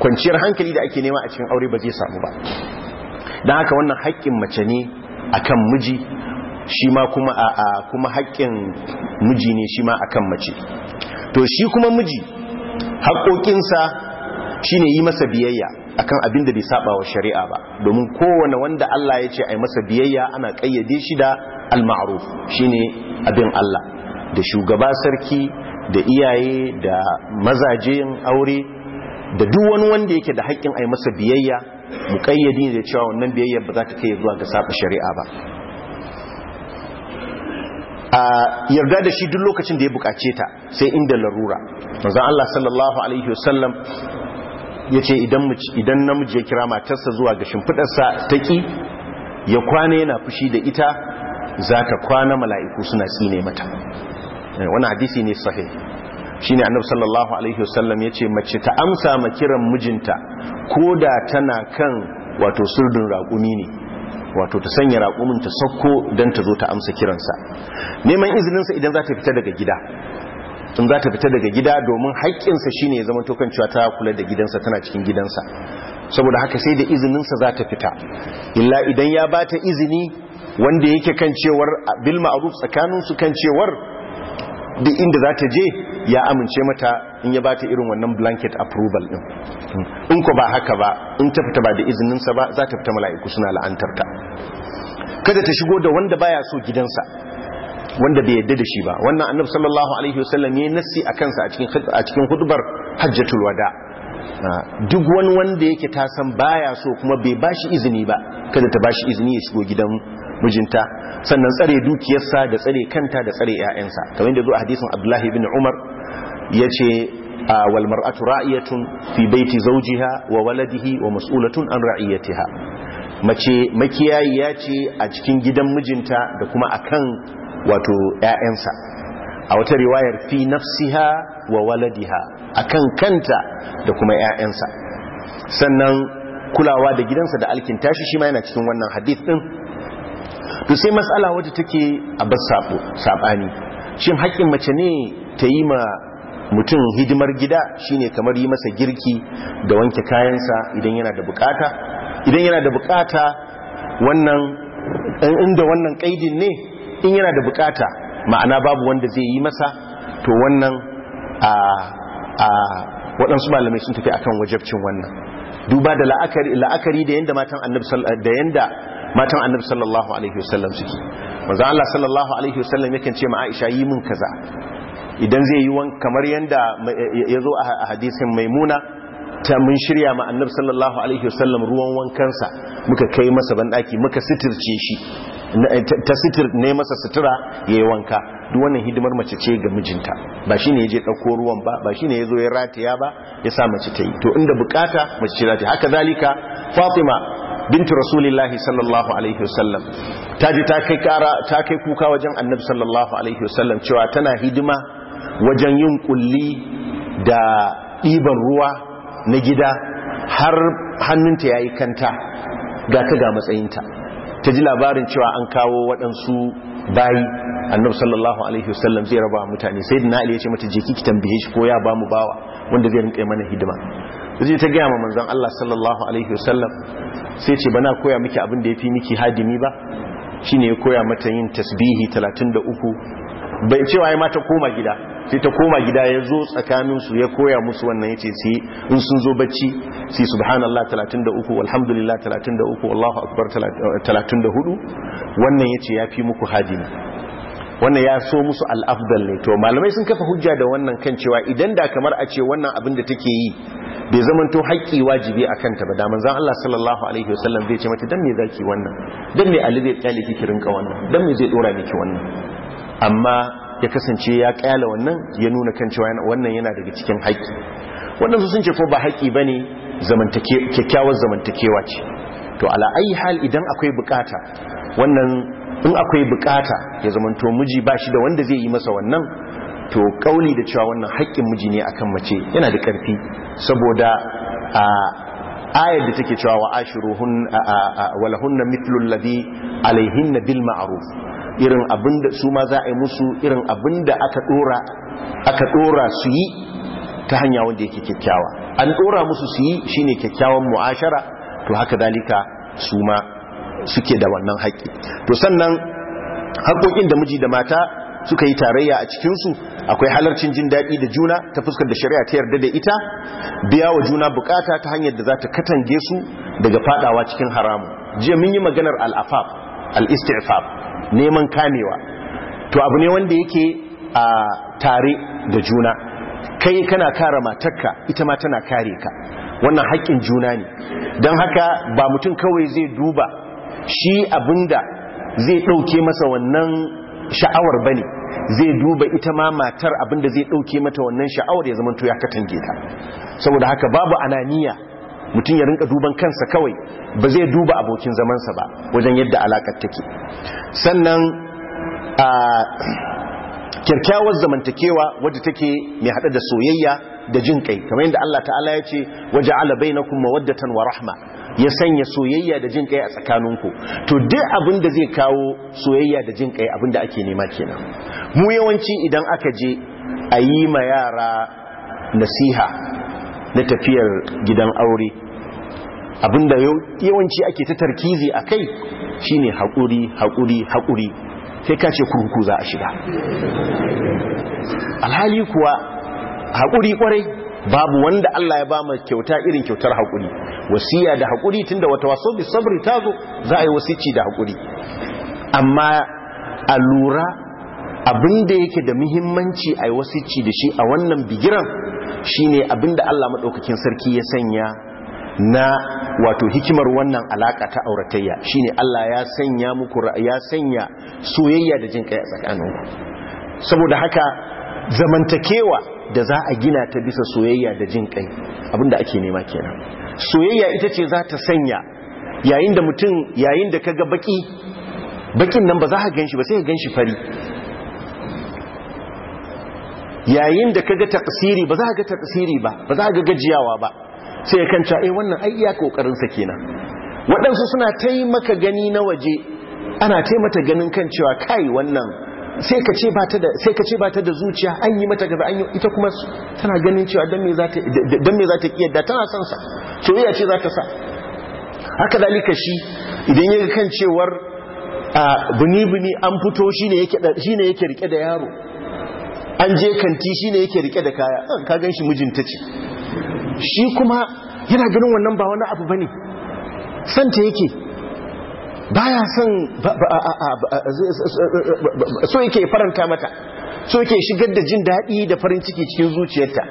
kwanciyar hankali da ake nema a cikin aure ba zai samu ba Dan haka wannan haƙƙin mace ne akan miji shi ma kuma a kuma haƙƙin miji ne shi ma akan mace to shi kuma miji haƙƙoƙinsa. shine yi masa biyayya akan abin da bai saba wa shari'a ba domin kowane wanda Allah ya ce a ai masa biyayya ana kayyade shi da al-ma'ruf shine abin Allah da shugaba sarki da iyaye da mazajen aure da duk wani wanda yake da haƙƙin ai masa biyayya mu ne da cewa wannan biyayya ba za ta kai zuwa ga saba shari'a ba a yarda da shi duk lokacin da ya bukace ta sai inda larura manzon Allah sallallahu alaihi wasallam ya ce idan namiji ya kira matarsa zuwa ga shimfidarsa ta ƙi ya kwana yana fushi da ita za ta kwana mala'iku suna tsine mata eh, wani hadisi ne sahi shi ne annabi sallallahu alaihi wasallam ya ce mace ta amsa ma kiran mijinta ko da tana kan wato surdin raƙumi ne wato ta sanya raƙumin ta sauko don ta zo ta amsa kiransa neman izininsa idan za ta fita daga gida in za ta fita daga gida domin haƙƙinsa shi ne ya zama tokan cewa ta kula da gidansa tana cikin gidansa saboda haka sai da izininsa za ta fita illa idan ya ba ta izini wanda yake kan cewar bil tsakanin tsakaninsu kan cewar duk inda za ta je ya amince mata in ya ba ta irin wannan blanket approval din in ko ba haka ba in ta fita ba da izininsa ba za ta fita mala'iku suna la'antar ta kada ta shigo da wanda baya so gidansa wanda bai yadda da shi ba wannan annabi sallallahu alaihi wasallam yayin nassi a kansa a cikin a cikin hudbar hajjatul wada ah, duk wani wanda yake ta san baya so kuma bai bashi izini ba kada ta bashi izini ya shigo gidan mijinta sannan tsare dukiyarsa da tsare kanta da tsare ƴaƴansa kamar yadda zo a hadisin Abdullahi ibn Umar yace ah, wal mar'atu ra'iyatun fi baiti zawjiha wa waladihi wa mas'ulatun an ra'iyatiha mace makiyayi ya ce a cikin gidan mijinta da kuma akan wato ‘ya'yansa a wata riwayar fi nafsiha wa waladiha akan kanta da kuma ‘ya'yansa sannan kulawa da gidansa da alkin tashi shi ma yana cikin wannan hadith ɗin to sai matsala wata take a bas saɓani shin haƙƙin mace ne ta yi ma mutum hidimar gida shine kamar yi masa girki da wanke kayansa idan yana da bukata idan yana da bukata wannan inda wannan kaidin ne in yana da bukata ma'ana babu wanda zai yi masa to wannan a a waɗansu malamai sun tafi akan wajabcin wannan duba da la'akari da yanda matan annabi sallallahu alaihi wasallam suke manzo Allah sallallahu alaihi wasallam yakan ce ma Aisha yi mun kaza idan zai yi wan kamar yanda yazo a hadisin Maimuna ta mun shirya ma annabi sallallahu alaihi wasallam ruwan wankansa muka kai masa banɗaki muka sitirce shi Eh, ta sitir ne masa sutura ya yi wanka duk wannan hidimar mace ce ga mijinta ba shi ne ya je ɗauko ruwan ba ba shi ne ya zo ya rataya ba ya sa mace ta yi to inda bukata mace ce ratiya haka zalika fatima binti rasulillahi sallallahu alaihi wasallam ta ji ta kai ta kai kuka wajen annabi sallallahu alaihi wasallam cewa tana hidima wajen yin kulli da ɗiban ruwa na gida har hannunta ya yi kanta ga ta ga matsayinta ta ji labarin cewa an kawo waɗansu bayi annabi sallallahu alaihi wasallam zai raba mutane sai da ali ya ce mata jeki ki tambaye shi ko ya ba mu bawa wanda zai rinka mana hidima zai ta gaya ma manzon Allah sallallahu alaihi wasallam sai ce bana koya miki abin da ya fi miki hadimi ba shine ya koya mata yin tasbihi 33 bai cewa ai mata koma gida sai ta koma gida ya zo tsakaninsu ya koya musu wannan ya ce sai in sun zo bacci sai subhanallah 33 alhamdulillah 33 wallahu akbar 34 wannan ya ce ya fi muku hadini wannan ya so musu al'afdal ne to malamai sun kafa hujja da wannan kan cewa idan da kamar a ce wannan abin da take yi bai zamanto haƙƙi wajibi a kanta ba da manzan Allah sallallahu alaihi wasallam zai ce mata dan me zaki wannan dan me Ali zai kyale ki rinka wannan dan me zai dora miki wannan amma ya kasance ya kyala wannan ya nuna kan cewa wannan yana daga cikin haƙƙi waɗansu sun ce ko ba haƙƙi ba ne kyakkyawar zamantakewa ce to ala ayi hal idan akwai bukata wannan in akwai bukata ya zamanto miji ba shi da wanda zai yi masa wannan to kauli da cewa wannan haƙƙin miji ne akan mace yana da ƙarfi saboda a ayar da take cewa wa ashiruhun walahunna mithlul ladhi alaihinna bil ma'ruf irin abinda su ma za a yi musu irin abinda aka dora aka dora su yi ta hanya wanda yake kyakkyawa an dora musu su yi shine kyakkyawan mu'ashara to haka dalika su ma suke da wannan haƙƙi to sannan haƙƙoƙin da miji da mata suka yi tarayya a cikinsu akwai halarcin jin daɗi da juna ta fuskar da shari'a ta yarda da ita biya wa juna bukata ta hanyar da za ta katange su daga fadawa cikin haramu jiya mun yi maganar al'afaf al-istifab neman kamewa to abu ne wanda yake a tare da juna kai kana kare matarka ita ma tana kare ka wannan haƙƙin juna ne don haka ba mutum kawai zai duba shi abinda zai ɗauke masa wannan sha'awar bane zai duba ita ma matar abinda zai ɗauke mata wannan sha'awar ya zama to ya katange ta saboda haka babu ananiya mutum ya rinka duban kansa kawai ba zai duba abokin zamansa ba wajen yadda alakar take sannan a kyakkyawar zamantakewa wadda take mai hada da soyayya da jin kai kamar yadda Allah ta'ala ya ce waje na kuma mawaddatan wa rahma ya sanya soyayya da jin kai a tsakaninku to duk abin da zai kawo soyayya da jin kai abin da ake nema kenan mu yawanci idan aka je a yi ma yara nasiha na tafiyar gidan aure abinda yawanci ake ta tarkizi a kai shine haƙuri haƙuri haƙuri sai ka ce kurkuku za a shiga alhali kuwa haƙuri ƙwarai babu wanda Allah ya ba mu kyauta irin kyautar hakuri wasiya da haƙuri tunda wata waso bi sabri tazo za a yi wasici da haƙuri amma a lura abin da yake da muhimmanci a ci da shi a wannan bigiran shine abin da Allah maɗaukakin sarki ya sanya na wato hikimar wannan alaka ta auratayya shine Allah ya sanya muku ya sanya soyayya da jin kai a ku saboda haka zamantakewa da za a gina ta bisa soyayya da jin kai abin da ake nema kenan soyayya ita ce za ta sanya yayin da mutum yayin da kaga baki bakin nan ba za ka ganshi ba sai ka ganshi fari yayin da kaga taqsiri ba za ka ga taqsiri ba ba za ka ga gajiyawa ba sai kan cewa eh wannan ai ya kokarin sa kenan waɗansu suna taimaka gani na waje ana taimata ganin kan cewa kai wannan sai ka ce bata da sai ka ce ta da zuciya an yi mata gaba an yi ita kuma tana ganin cewa dan me za ta dan me za ta da tana son sa soyayya ce za ta sa haka dalika shi idan yake kan cewar buni buni an fito shine yake shine yake rike da yaro an je kanti shi ne yake rike da kaya ka gan shi mijinta ce shi kuma yana ganin wannan ba wani abu bane santa yake baya son so yake faranta mata so yake shigar da jin daɗi da farin ciki cikin zuciyarta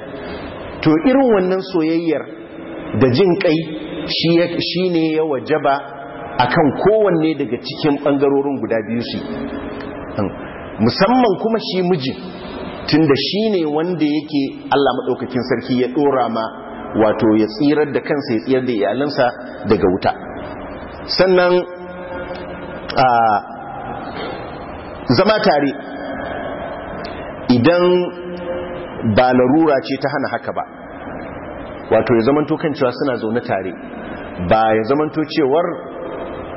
to irin wannan soyayyar da jin kai shi ne ya wajaba akan kowanne daga cikin ɓangarorin guda biyu su musamman kuma shi mijin tunda shi ne wanda yake Allah maɗaukakin sarki ya ɗora ma wato ya tsirar da kansa ya tsirar da iyalinsa daga wuta sannan a zama tare idan ba larura ce ta hana haka ba wato ya zamanto kan cewa suna zaune tare ba ya zamanto cewar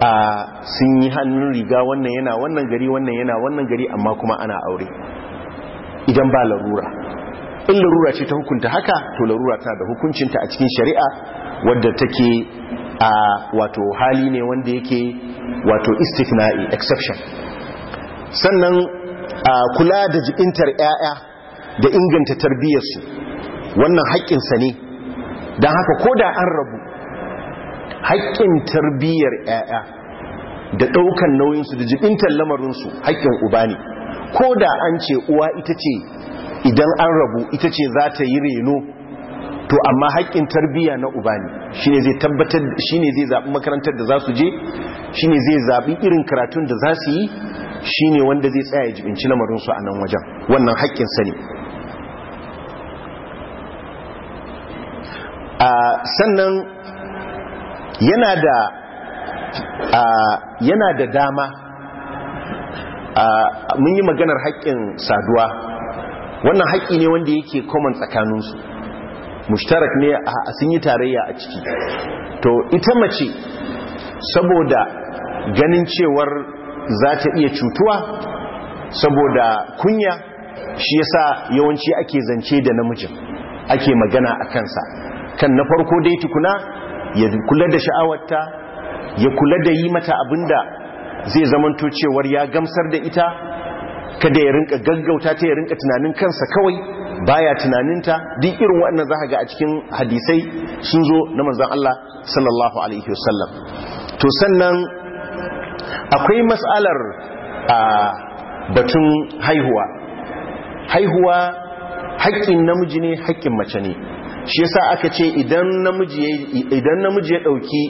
a sun yi hannun riga wannan yana wannan gari wannan yana wannan gari amma kuma ana aure idan ba larura in larura ce ta hukunta haka to larura ta da hukuncinta a cikin shari'a wadda take a wato hali ne wanda yake wato istifna'i exception sannan a kula da jibintar 'ya'ya da inganta tarbiyyarsu wannan haƙƙinsa ne don haka ko da an rabu haƙƙin tarbiyyar 'ya'ya da ɗaukan nauyinsu da jibintar lamarinsu haƙƙin uba ne ko da an ce uwa ita ce idan an rabu ita ce za ta yi reno to amma haƙƙin tarbiyya na uba ne shine zai tabbatar shi ne zai zaɓi makarantar da za su je shi ne zai zaɓi irin karatun da za su yi shi ne wanda zai tsaya jibinci lamarinsu a nan wajen wannan haƙƙin ne sannan yana da yana da dama mun yi maganar haƙƙin saduwa wannan haƙƙi ne wanda yake common tsakaninsu mushtarak ne a sun yi tarayya a ciki to ita mace saboda ganin cewar za ta iya cutuwa saboda kunya shi yasa yawanci ake zance da namijin ake magana a kansa kan na farko dai tukuna ya kula da sha'awarta ya kula da yi mata abinda zai zamanto cewar ya gamsar da ita kada ya rinka gaggauta ta ya rinka tunanin kansa kawai baya ta duk irin waɗannan za ga a cikin hadisai sun zo na manzan Allah sallallahu alaihi wasallam to sannan akwai matsalar a batun haihuwa haihuwa haƙƙin namiji ne haƙƙin mace ne shi yasa aka ce idan namiji ya ɗauki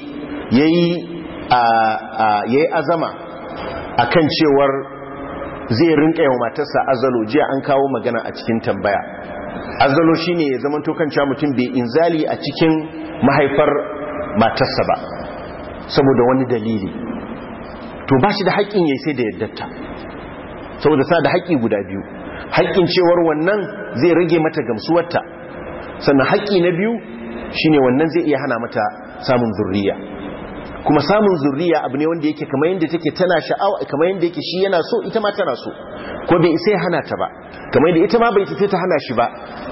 ya yi. yayi azama akan cewar zai rinka yawa matarsa azalo jiya an kawo magana a cikin tambaya azalo shine ya zama tokan cewa mutum bai inzali a cikin mahaifar matarsa ba saboda wani dalili to ba shi da haƙƙin ya sai da yaddata saboda sa da haƙƙi guda biyu haƙƙin cewar wannan zai rage mata gamsuwarta sannan haƙƙi na biyu shine wannan zai iya hana mata samun zurriya kuma samun zurriya abu ne wanda yake kamar yadda take tana sha'awa kamar yadda yake shi yana so ita ma tana so ko bai sai hana ta ba kamar yadda ita ma bai tafi ta hana shi ba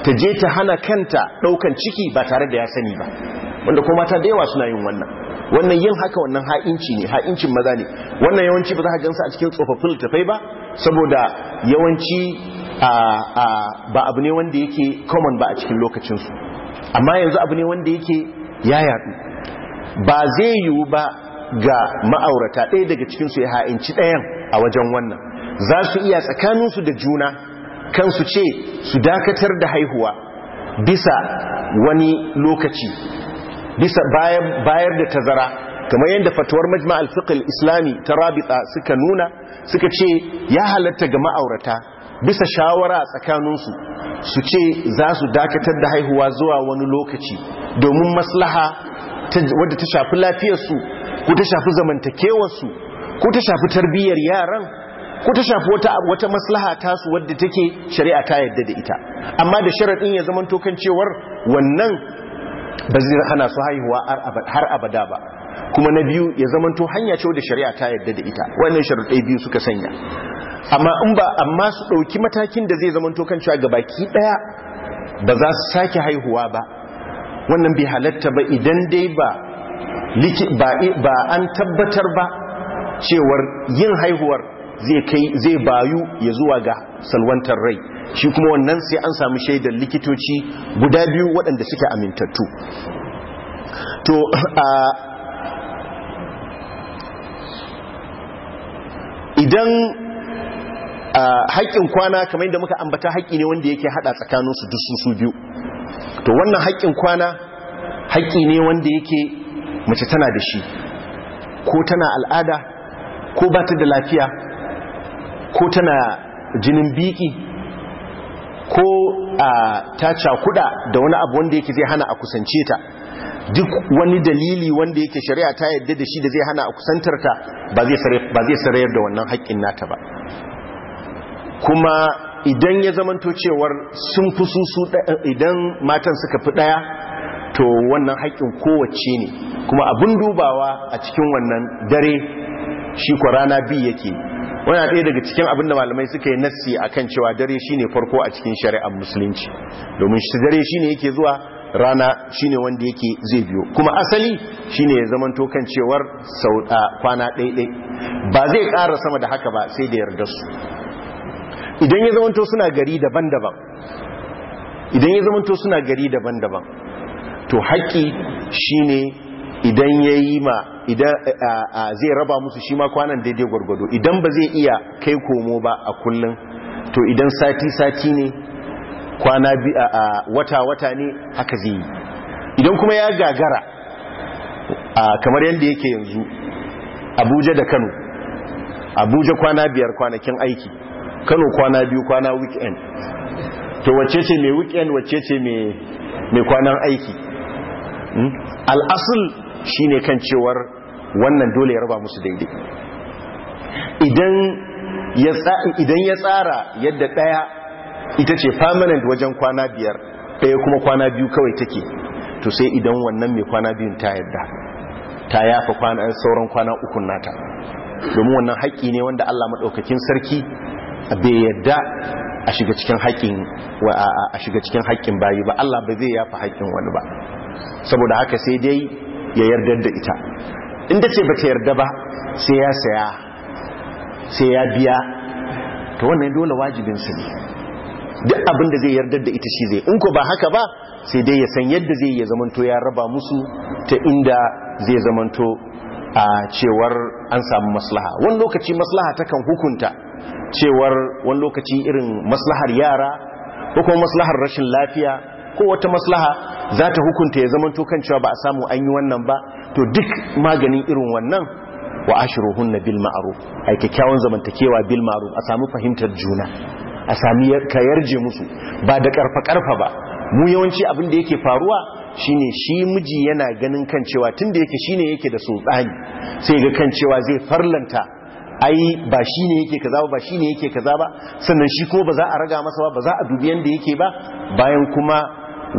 ta je ta hana kanta daukan ciki ba tare da ya sani ba wanda kuma mata da yawa suna yin wannan wannan yin haka wannan ha'inci ne ha'incin maza ne wannan yawanci ba za ka gansa a cikin tsofaffin littafai ba saboda yawanci ba abu ne wanda yake common ba a cikin lokacinsu amma yanzu abu ne wanda yake ya yaɗu. ba zai yiwu ba ga ma'aurata ɗaya daga cikinsu ya ha'inci ɗayan a wajen wannan za su iya tsakaninsu da juna kan su ce su dakatar da haihuwa bisa wani lokaci bisa bayar da tazara kamar yadda fatuwar majma alfiqil islami ta rabita suka nuna suka ce ya halatta ga ma'aurata bisa shawara tsakaninsu su ce za su dakatar da haihuwa zuwa wani lokaci domin maslaha wadda ta shafi lafiyarsu ko ta shafi zamantakewarsu ko ta shafi tarbiyyar yaran ko ta shafi wata wata maslaha tasu wadda take shari'a ta yadda da ita amma da sharadin ya zaman tokan cewar wannan ba zai hana su haihuwa har abada ba kuma na biyu ya zaman to hanya ce wadda shari'a ta yadda da ita wannan sharadai biyu suka sanya amma in ba amma su dauki matakin da zai zaman tokan cewa gabaki daya ba za su sake haihuwa ba wannan bai halatta ba idan dai ba ba an tabbatar ba cewar yin haihuwar zai bayu ya zuwa ga salwantar rai shi kuma wannan sai an samu shaidar likitoci guda biyu waɗanda suke amintattu to a idan haƙƙin kwana kamar yadda muka ambata haƙƙi ne wanda yake hada tsakanin su duk su biyu to wannan haƙƙin kwana haƙƙi ne wanda yake mace tana da shi ko tana al'ada ko ba ta da lafiya ko tana jinin biki ko ta cakuda da wani abu wanda yake zai hana a kusance ta duk wani dalili wanda yake shari'a ta yadda da shi da zai hana a kusantar ta ba zai sarayar da wannan haƙƙin nata ba kuma idan ya zamanto cewar sun fi su idan matan suka fi daya to wannan haƙƙin kowace ne kuma abin dubawa a cikin wannan dare shi ko rana biyu yake Wani ɗaya daga cikin abin da malamai suka yi nassi kan cewa dare shine farko a cikin shari'ar musulunci domin shi dare shine yake zuwa rana shine wanda yake zai biyo kuma asali shine ya zaman kan cewar sau kwana ɗaiɗai ba zai ƙara sama da haka ba sai da yarda su idan ya zamanto suna gari daban-daban idan ya zamanto suna gari daban-daban to haƙƙi shine idan ya yi ma idan zai raba musu shi ma kwanan daidai gwargwado idan ba zai iya kai komo ba a kullum to idan sati-sati ne kwana wata-wata ne haka zai yi idan kuma ya gagara kamar yadda yake yanzu abuja da kano abuja kwana biyar kwanakin aiki kano kwana biyu kwana weekend to wacce ce mai weekend wacce ce mai kwanan aiki hmm? al'asul shi ne kan cewar wannan dole ya raba musu daidai idan ya tsara yadda ɗaya ita ce permanent wajen kwana biyar ɗaya kuma kwana biyu kawai take to sai idan wannan mai kwana biyun ta yadda ta yafa sauran kwana ukun nata domin wannan haƙƙi ne wanda Allah maɗaukakin sarki bai yadda a shiga cikin haƙƙin a shiga cikin haƙƙin bayi ba Allah ba zai yafa haƙƙin wani ba saboda haka sai dai ya yarda da ita Inda ce ba yarda ba sai ya saya sai ya biya to wannan dole wajibin su ne duk abin da zai yarda da ita shi zai in ko ba haka ba sai dai ya san yadda zai ya zamanto ya raba musu ta inda zai zamanto a cewar an samu maslaha wani lokaci maslaha takan hukunta cewar wani lokaci irin maslahar yara ko kuma maslahar rashin lafiya ko wata maslaha za ta hukunta ya zama kan cewa ba a samu an yi wannan ba to duk maganin irin wannan wa ashiru hunna bil ma'ruf a kyakkyawan zamantakewa bil ma'ruf a samu fahimtar juna a sami ka yarje musu ba da karfa karfa ba mu yawanci abin da yake faruwa shine shi miji yana ganin kan cewa tunda yake shine yake da su tsani sai ga kan cewa zai farlanta ai ba shi ne yake kaza ba ba shi ne yake kaza ba sannan shi ko ba za a raga masa ba ba za a dubi yanda yake ba bayan kuma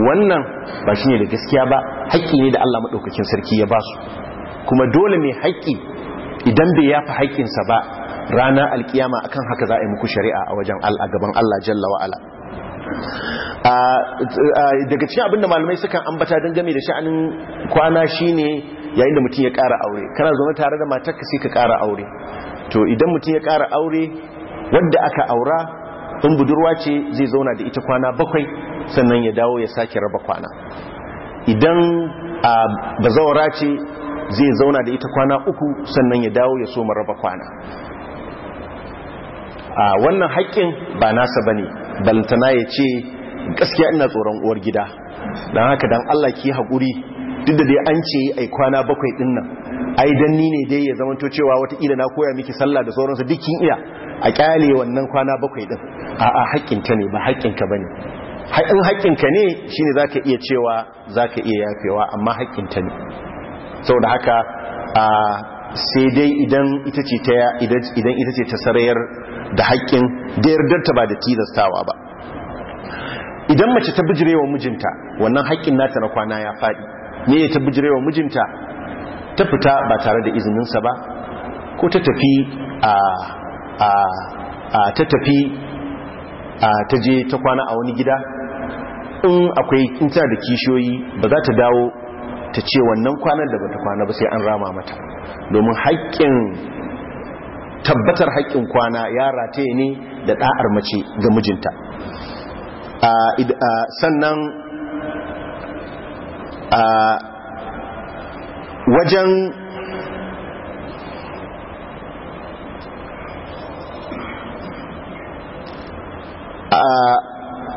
wannan ba shi ne da gaskiya ba haƙƙi ne da Allah maɗaukakin sarki ya ba su kuma dole mai haƙƙi idan bai yafi haƙƙinsa ba ranar alkiyama akan haka za a yi muku shari'a a wajen a gaban Allah jalla wa'ala daga cikin abinda malamai sukan ambata don game da sha'anin kwana shine yayin da mutum ya ƙara aure kana zaune tare da matarka sai ka ƙara aure to idan mutum ya ƙara aure wadda aka aura in budurwa ce zai zauna da ita kwana bakwai sannan ya dawo ya sake raba kwana idan a bazawara ce zai zauna da ita kwana uku sannan ya dawo ya soma raba kwana a wannan haƙƙin ba nasa ba ne balantana ya ce gaskiya ina tsoron uwar gida don haka don allah ki haƙuri duk da dai an ce ai kwana bakwai dinnan. ai dan ni ne dai ya zamanto cewa wataƙila na koya miki sallah da sauransa Dukkin iya a kyale wannan kwana bakwai din a'a ta ne ba ka bane haƙƙin haƙƙinka ne shine zaka iya cewa zaka iya yafewa amma ta ne saboda haka a sai dai idan ita ce ta idan ita ce ta sarayar da haƙƙin da yardarta ba da tilastawa ba idan mace ta bijirewa mijinta wannan haƙƙin nata na kwana ya faɗi ne ya ta bijirewa mijinta ta fita ba tare da izininsa ba ko ta tafi a ta tafi ta je ta kwana a wani gida in akwai inta da kishiyoyi ba za ta dawo ta ce wannan kwanan da ba ta kwana ba sai an rama mata domin haƙƙin tabbatar haƙƙin kwana ya rataye ne da ɗa'ar mace ga mijinta sannan a wajen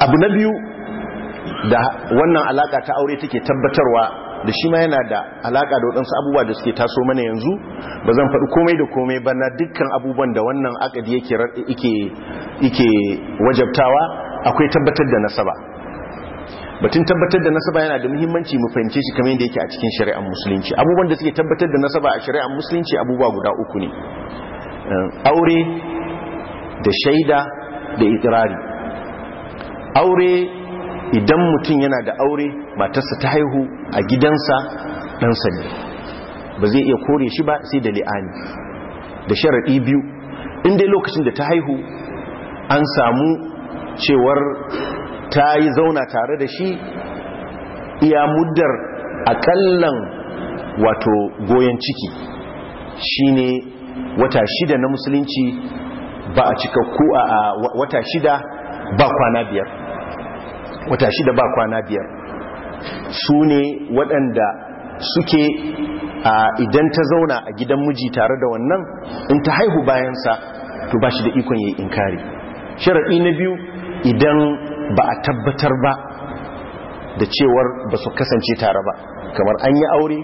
abu na biyu da wannan alaka ta aure take tabbatarwa da shi ma yana da alaka da waɗansu abubuwa da suke taso mana yanzu ba zan faɗi komai da komai ba na dukkan abubuwan da wannan akadi yake wajabtawa akwai tabbatar da nasaba batun tabbatar da nasaba yana da muhimmanci mu fahimce shi kamar yadda yake a cikin shari'ar musulunci abubuwan da suke tabbatar da nasaba a shari'ar musulunci abubuwa guda uku ne eh, aure da shaida da ikirari aure idan mutum yana da aure matarsa ta haihu a gidansa dan ne ba zai iya kore shi ba sai da li'ani da sharaɗi biyu in dai lokacin da ta haihu an samu cewar ta yi zauna tare da shi iya muddar akallan wato goyon ciki shine wata shida na musulunci ba a cika ku a wata shida ba kwana biyar wata shida ba kwana biyar su ne waɗanda suke a idan ta zauna a gidan miji tare da wannan in ta haihu bayansa to ba shi da ikon yayi inkari sharaɗi na biyu idan ba a tabbatar ba da cewar ba su kasance tare ba kamar an yi aure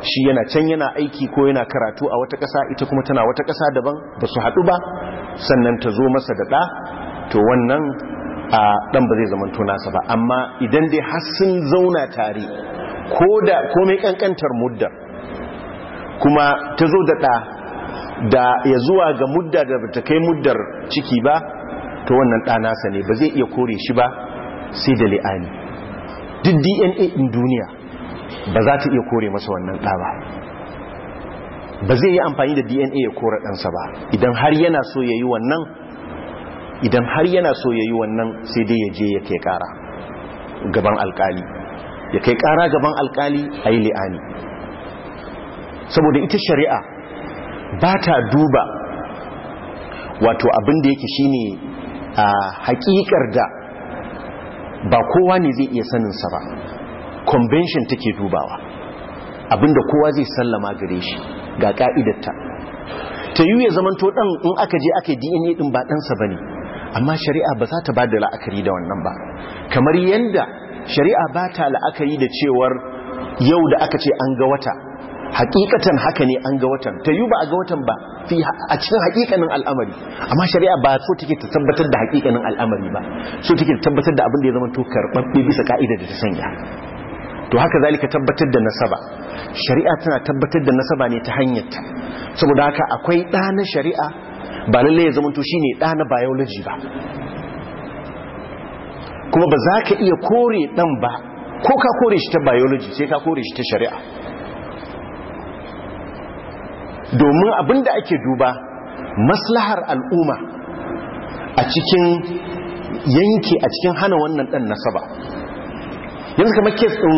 shi yana can yana aiki ko yana karatu a wata ƙasa ita kuma tana wata ƙasa daban ba su haɗu ba sannan ta zo masa da ɗa to wannan a ɗan ba zai zamanto nasa ba amma idan dai har sun zauna tare ko da komai ƙanƙantar muddar kuma ta zo da ɗa da ya zuwa ga mudda da ta kai muddar ciki ba to wannan ɗanasa ne ba zai iya kore shi ba sai da li'ani duk dna in duniya ba za ta iya kore masa wannan ɗa ba ba zai yi amfani da dna ya kora ɗansa ba idan har yana so ya yi wannan idan har yana so ya yi wannan sai dai ya je ya kai ƙara gaban alkali ya kai ƙara gaban alkali a yi li'ani saboda ita shari'a ba ta duba wato abin da yake shine a hakikar da ba kowa ne zai iya saninsa ba convention take dubawa abinda kowa zai sallama gare shi ga ka'idarta ta yi ya zamanto ɗan in aka je aka dna din ba ɗansa ba ne amma shari'a ba za ta ba da la'akari da wannan ba kamar yadda shari'a ba ta la'akari da cewar yau da aka ce an ga wata hakikatan haka ne an ga watan ta yi ba a ga watan ba a cikin hakikanin al'amari amma shari'a ba so take ta tabbatar da hakikanin al'amari ba so take ta tabbatar da abin da ya zama to karɓaɓɓe bisa ka'ida da ta sanya to haka zalika tabbatar da nasaba shari'a tana tabbatar da nasaba ne ta hanyar ta saboda haka akwai ɗa na shari'a ba lalle ya zama to shine ɗa na biology ba kuma ba za ka iya kore ɗan ba ko ka kore shi ta biology sai ka kore shi ta shari'a domin abin da ake duba maslahar al'umma a cikin yanki a cikin hana wannan ɗan nasaba yanzu kamar kes ɗin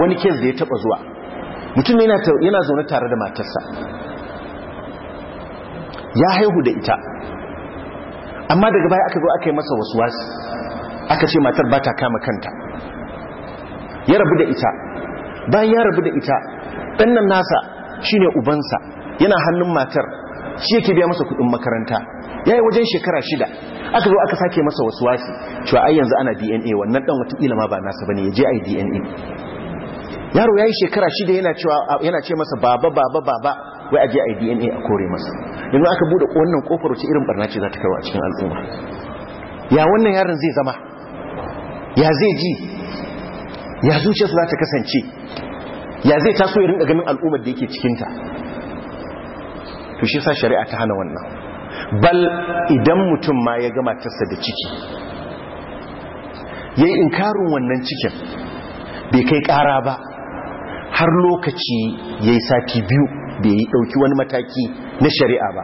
wani kes da ya taɓa zuwa mutum yana zaune tare da matarsa ya haihu da ita amma daga baya aka zo aka yi masa wasu wasu aka ce matar ba ta kama kanta ya rabu da ita bayan ya rabu da ita ɗannan nasa Shi ne ubansa yana hannun matar shi yake biya masa kudin makaranta yayi wajen shekara shida aka zo aka sake masa wasu wasi cewa ai yanzu ana DNA wannan dan wata kila ma ba nasa bane ya je ai DNA yaro yayi shekara shida yana cewa yana ce masa baba baba baba wai aje ai DNA a kore masa yanzu aka buɗe wannan kofar wace irin barna ce za ta kawo a cikin al'umma ya wannan yaron zai zama ya zai ji ya zuciyarsa za ta kasance ya zai taso ya rinka ganin al'ummar da yake cikinta to shi sa shari'a ta hana wannan bal idan mutum ma ya gama tassa da ciki ya yi inkarin wannan cikin bai kai kara ba har lokaci ya yi sati biyu bai yi ɗauki wani mataki na shari'a ba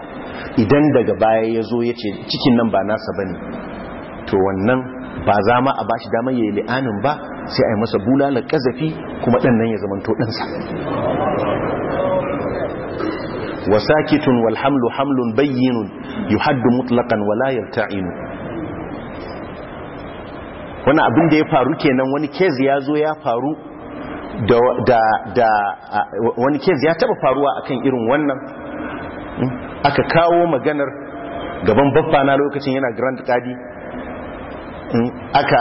idan daga baya ya zo ya ce cikin nan ba nasa ba ne to wannan ba za ma a bashi damar ya yi li'anin ba sai a yi masa bulalar ƙazafi kuma ɗan nan ya zamanto ɗansa wasakitun walhamlu hamlun bayyinun yuhaddu mutlaqan wala ta'inu Wani abin da ya faru kenan wani kez ya zo ya faru da wani kez ya taba faruwa akan irin wannan aka kawo maganar gaban babba na lokacin yana grand kadi aka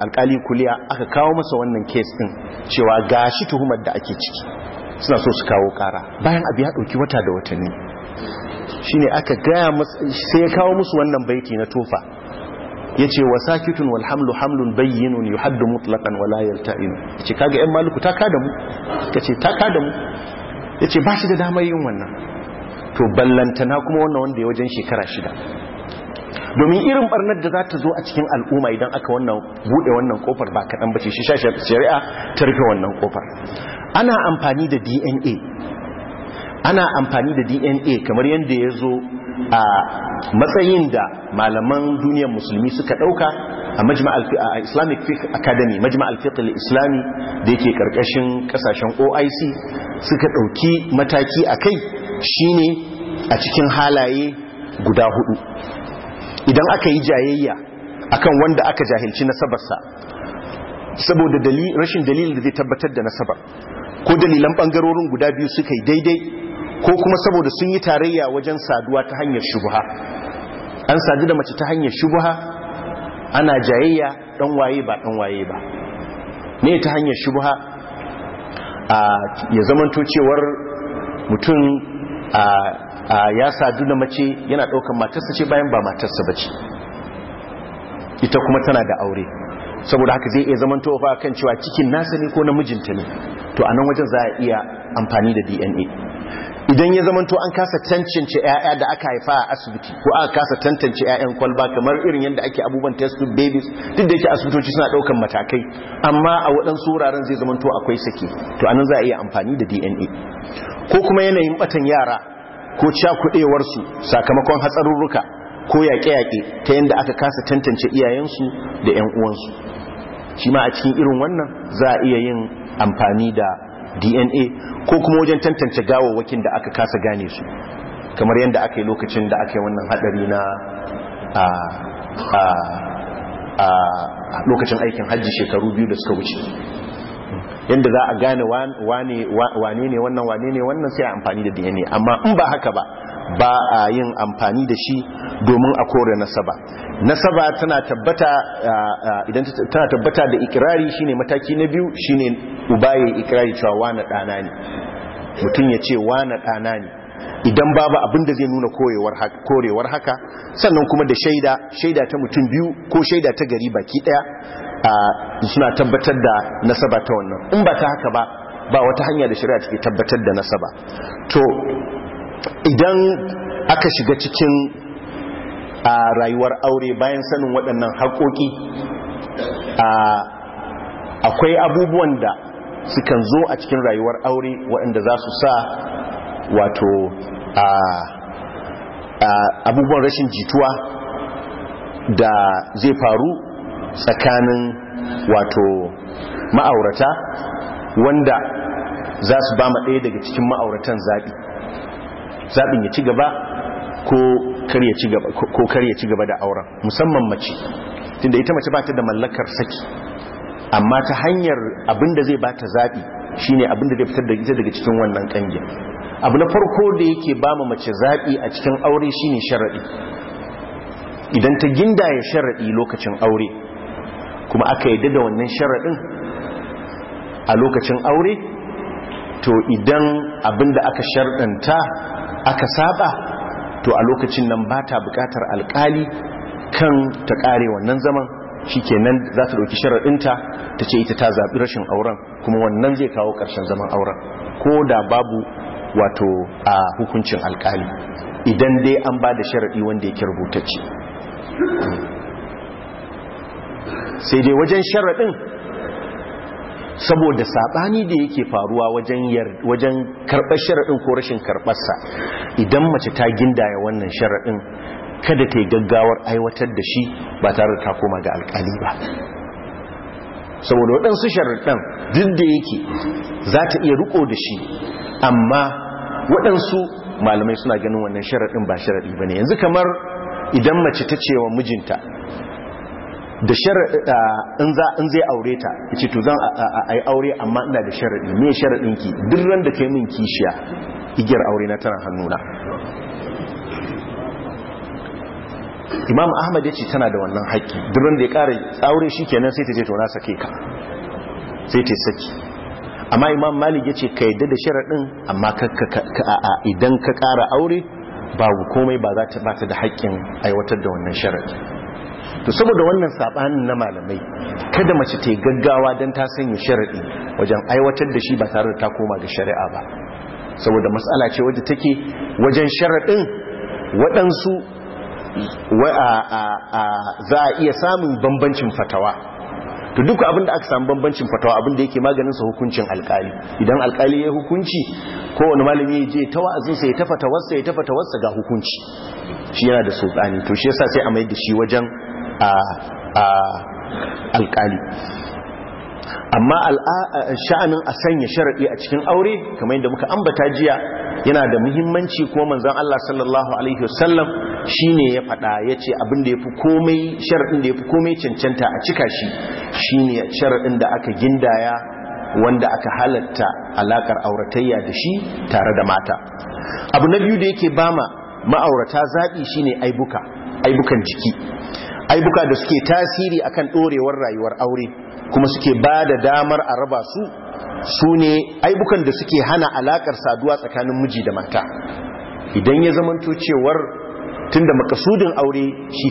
alkali kuliya aka kawo masa wannan kes din cewa gashi tuhumar da ake ciki suna so su kawo kara bayan abu ya dauki wata da watanni shine aka gaya sai ya kawo musu wannan baiti na tofa yace wa sakitun wal hamlu hamlun bayyinun yuhaddu mutlaqan wala yalta'in yace kaga yan maluku ta kada mu kace ta kada mu yace ba shi da damar yin wannan to ballantana kuma wannan wanda ya wajen shekara shida domin irin barnar da za ta zo a cikin al'umma idan aka wannan bude wannan kofar ba kaɗan ba ce shi shari'a ta rufe wannan kofar ana amfani da dna ana amfani da dna kamar yadda ya zo a matsayin da malaman duniyar musulmi suka ɗauka a islamic fiqh academy majma'al fiqh islami da yake karkashin kasashen oic suka ɗauki mataki akai shine a cikin halaye guda hudu idan aka yi jayayya akan wanda aka jahilci nasabarsa saboda rashin dalilin da zai tabbatar da nasabar ko dalilan bangarorin guda biyu suka yi daidai ko kuma saboda sun yi tarayya wajen saduwa ta hanyar shubuha an sadu da mace ta hanyar shubuha ana jayayya dan waye ba dan waye ba ne ta hanyar shubuha ya zamanto cewar mutum a ya sadu na mace yana ɗaukan matarsa ce bayan ba matarsa ba ce ita kuma tana da aure saboda haka zai iya zaman tofa kan cewa cikin nasa ne ko namijinta ne to a nan wajen za a iya amfani da dna idan ya zamanto an kasa tantance 'ya'ya da aka haifa a asibiti ko aka kasa tantance 'ya'yan kwalba kamar irin yadda ake abubuwan test tube babies duk da yake asibitoci suna daukan matakai amma a waɗansu wuraren zai zamanto akwai sake to anan za a iya amfani da dna ko kuma yanayin batan yara ko cakuɗewarsu sakamakon hatsarurruka ko yaƙe-yaƙe ta yadda aka kasa tantance iyayensu da 'yan uwansu shi ma a cikin irin wannan za a iya yin amfani da dna ko kuma wajen tantance gawawakin da aka kasa gane su kamar yadda aka yi lokacin da aka yi wannan haɗari na a lokacin aikin hajji shekaru biyu da suka wuce yadda za a gane wane ne wannan wane ne wannan sai a amfani da dna amma in ba haka ba ba a yin amfani da shi domin a kore nasaba nasaba tana tabbata idan tana tabbata da ikirari shine mataki na biyu shine uba ya ikirari cewa wane ɗana ne mutum ya ce wane ɗana ne idan babu abin da zai nuna korewar haka sannan kuma da shaida shaida ta mutum biyu ko shaida ta gari baki daya suna tabbatar da nasaba ta wannan in ba ta haka ba ba wata hanya da shari'a take tabbatar da nasaba to idan aka shiga cikin a rayuwar aure bayan sanin waɗannan haƙoƙi akwai abubuwan da sukan zo a cikin rayuwar aure waɗanda za su sa wato abubuwan rashin jituwa da zai faru tsakanin wato ma'aurata wanda za su ba ma ɗaya daga cikin ma'auratan zaɓi zaɓin ya ci gaba ko kar ya ci gaba da auren musamman mace da ita mace ba ta da mallakar saki amma ta hanyar abinda zai ba ta zaɓi shi shine abinda zai fitar da ita daga cikin wannan ƙangin abu na farko da yake ba ma mace zaɓi a cikin aure shi ne sharaɗi idan ta ginda ya sharaɗi lokacin aure kuma aka yadda da wannan sharaɗin a lokacin aure to idan da aka sharɗanta aka saba to a lokacin nan ba ta buƙatar alƙali kan ta ƙare wannan zaman shi kenan za ta ɗauki sharaɗinta ta ce ita ta zaɓi rashin auren kuma wannan zai kawo ƙarshen zaman auren ko da babu wato a hukuncin alƙali idan dai an ba da sharaɗi wanda ya yake rubutacce sai dai wajen sharaɗin saboda saɓani da yake faruwa wajen karɓar sharaɗin ko rashin karɓarsa idan mace ta gindaya wannan sharaɗin kada ta yi gaggawar aiwatar da shi ba tare da ta koma ga alƙali ba saboda waɗansu sharaɗin duk da yake za ta iya riko da shi amma waɗansu malamai suna ganin wannan sharaɗin ba sharaɗi ba ne yanzu kamar idan mace ta ce wa mijinta da in za in zai aure ta ce to zan ai aure amma ina da sharaɗi me sharaɗin ki duk ran da kai min kishiya igiyar aure na tana hannuna Imam Ahmad yace tana da wannan haƙƙi duk ran da ya ƙara aure shikenan sai ta ce to na sake ka sai ta saki amma Imam Malik yace ka yadda da sharaɗin amma idan ka ƙara aure babu komai ba za ta ba ta da haƙƙin aiwatar da wannan sharadi to saboda wannan sabanin na malamai kada mace ta gaggawa don ta sanya sharaɗi wajen aiwatar da shi ba tare da ta koma ga shari'a ba saboda matsala ce wadda take wajen sharaɗin waɗansu za a iya samun bambancin fatawa to abin abinda aka samu bambancin fatawa abinda yake maganin sa hukuncin alkali idan alkali ya hukunci ko wani malami ya je ta wa'azinsa ya tafata wasa ya tafata wasa ga hukunci shi yana da sultani to shi yasa sai a mai da shi wajen a alkali amma sha'anin a sanya sharaɗi a cikin aure kamar yadda muka ambata jiya yana da muhimmanci kuma manzon Allah sallallahu alaihi wasallam shine ya faɗa yace abin da yafi komai sharaɗin da yafi komai cancanta a cika shi shine sharaɗin da aka gindaya wanda aka halatta alaƙar auratayya da shi tare da mata abu na biyu da yake bama ma'aurata zaɓi shine aibuka aibukan jiki aibuka da suke tasiri akan dorewar rayuwar aure kuma suke ba da damar a raba su su ne aibukan da suke hana alakar saduwa tsakanin miji da mata idan ya zamanto cewar tunda makasudin aure shi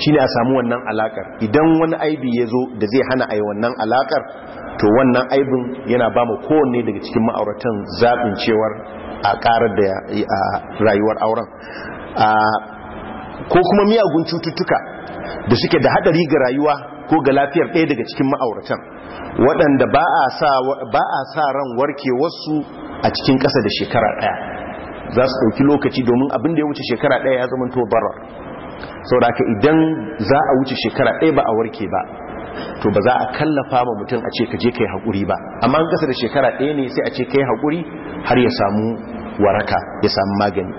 shi ne a samu wannan alakar idan wani aibi ya zo da zai hana a yi wannan alakar to wannan aibin yana ba mu kowanne daga cikin ma'auratan zaɓin cewar a ƙarar da rayuwar auren ko kuma miyagun cututtuka da suke da hadari ga rayuwa ko ga lafiyar ɗaya daga cikin ma'auratan waɗanda ba a sa ran warke wasu a cikin ƙasa da shekara ɗaya za su ɗauki lokaci domin abin da ya wuce shekara ɗaya ya zama da sauraka idan za a wuce shekara ɗaya ba a warke ba to ba za a kallafa ma mutum a ce ka je kai haƙuri ba amma an ƙasa da shekara ɗaya ne sai a ce kai haƙuri har ya samu waraka ya samu magani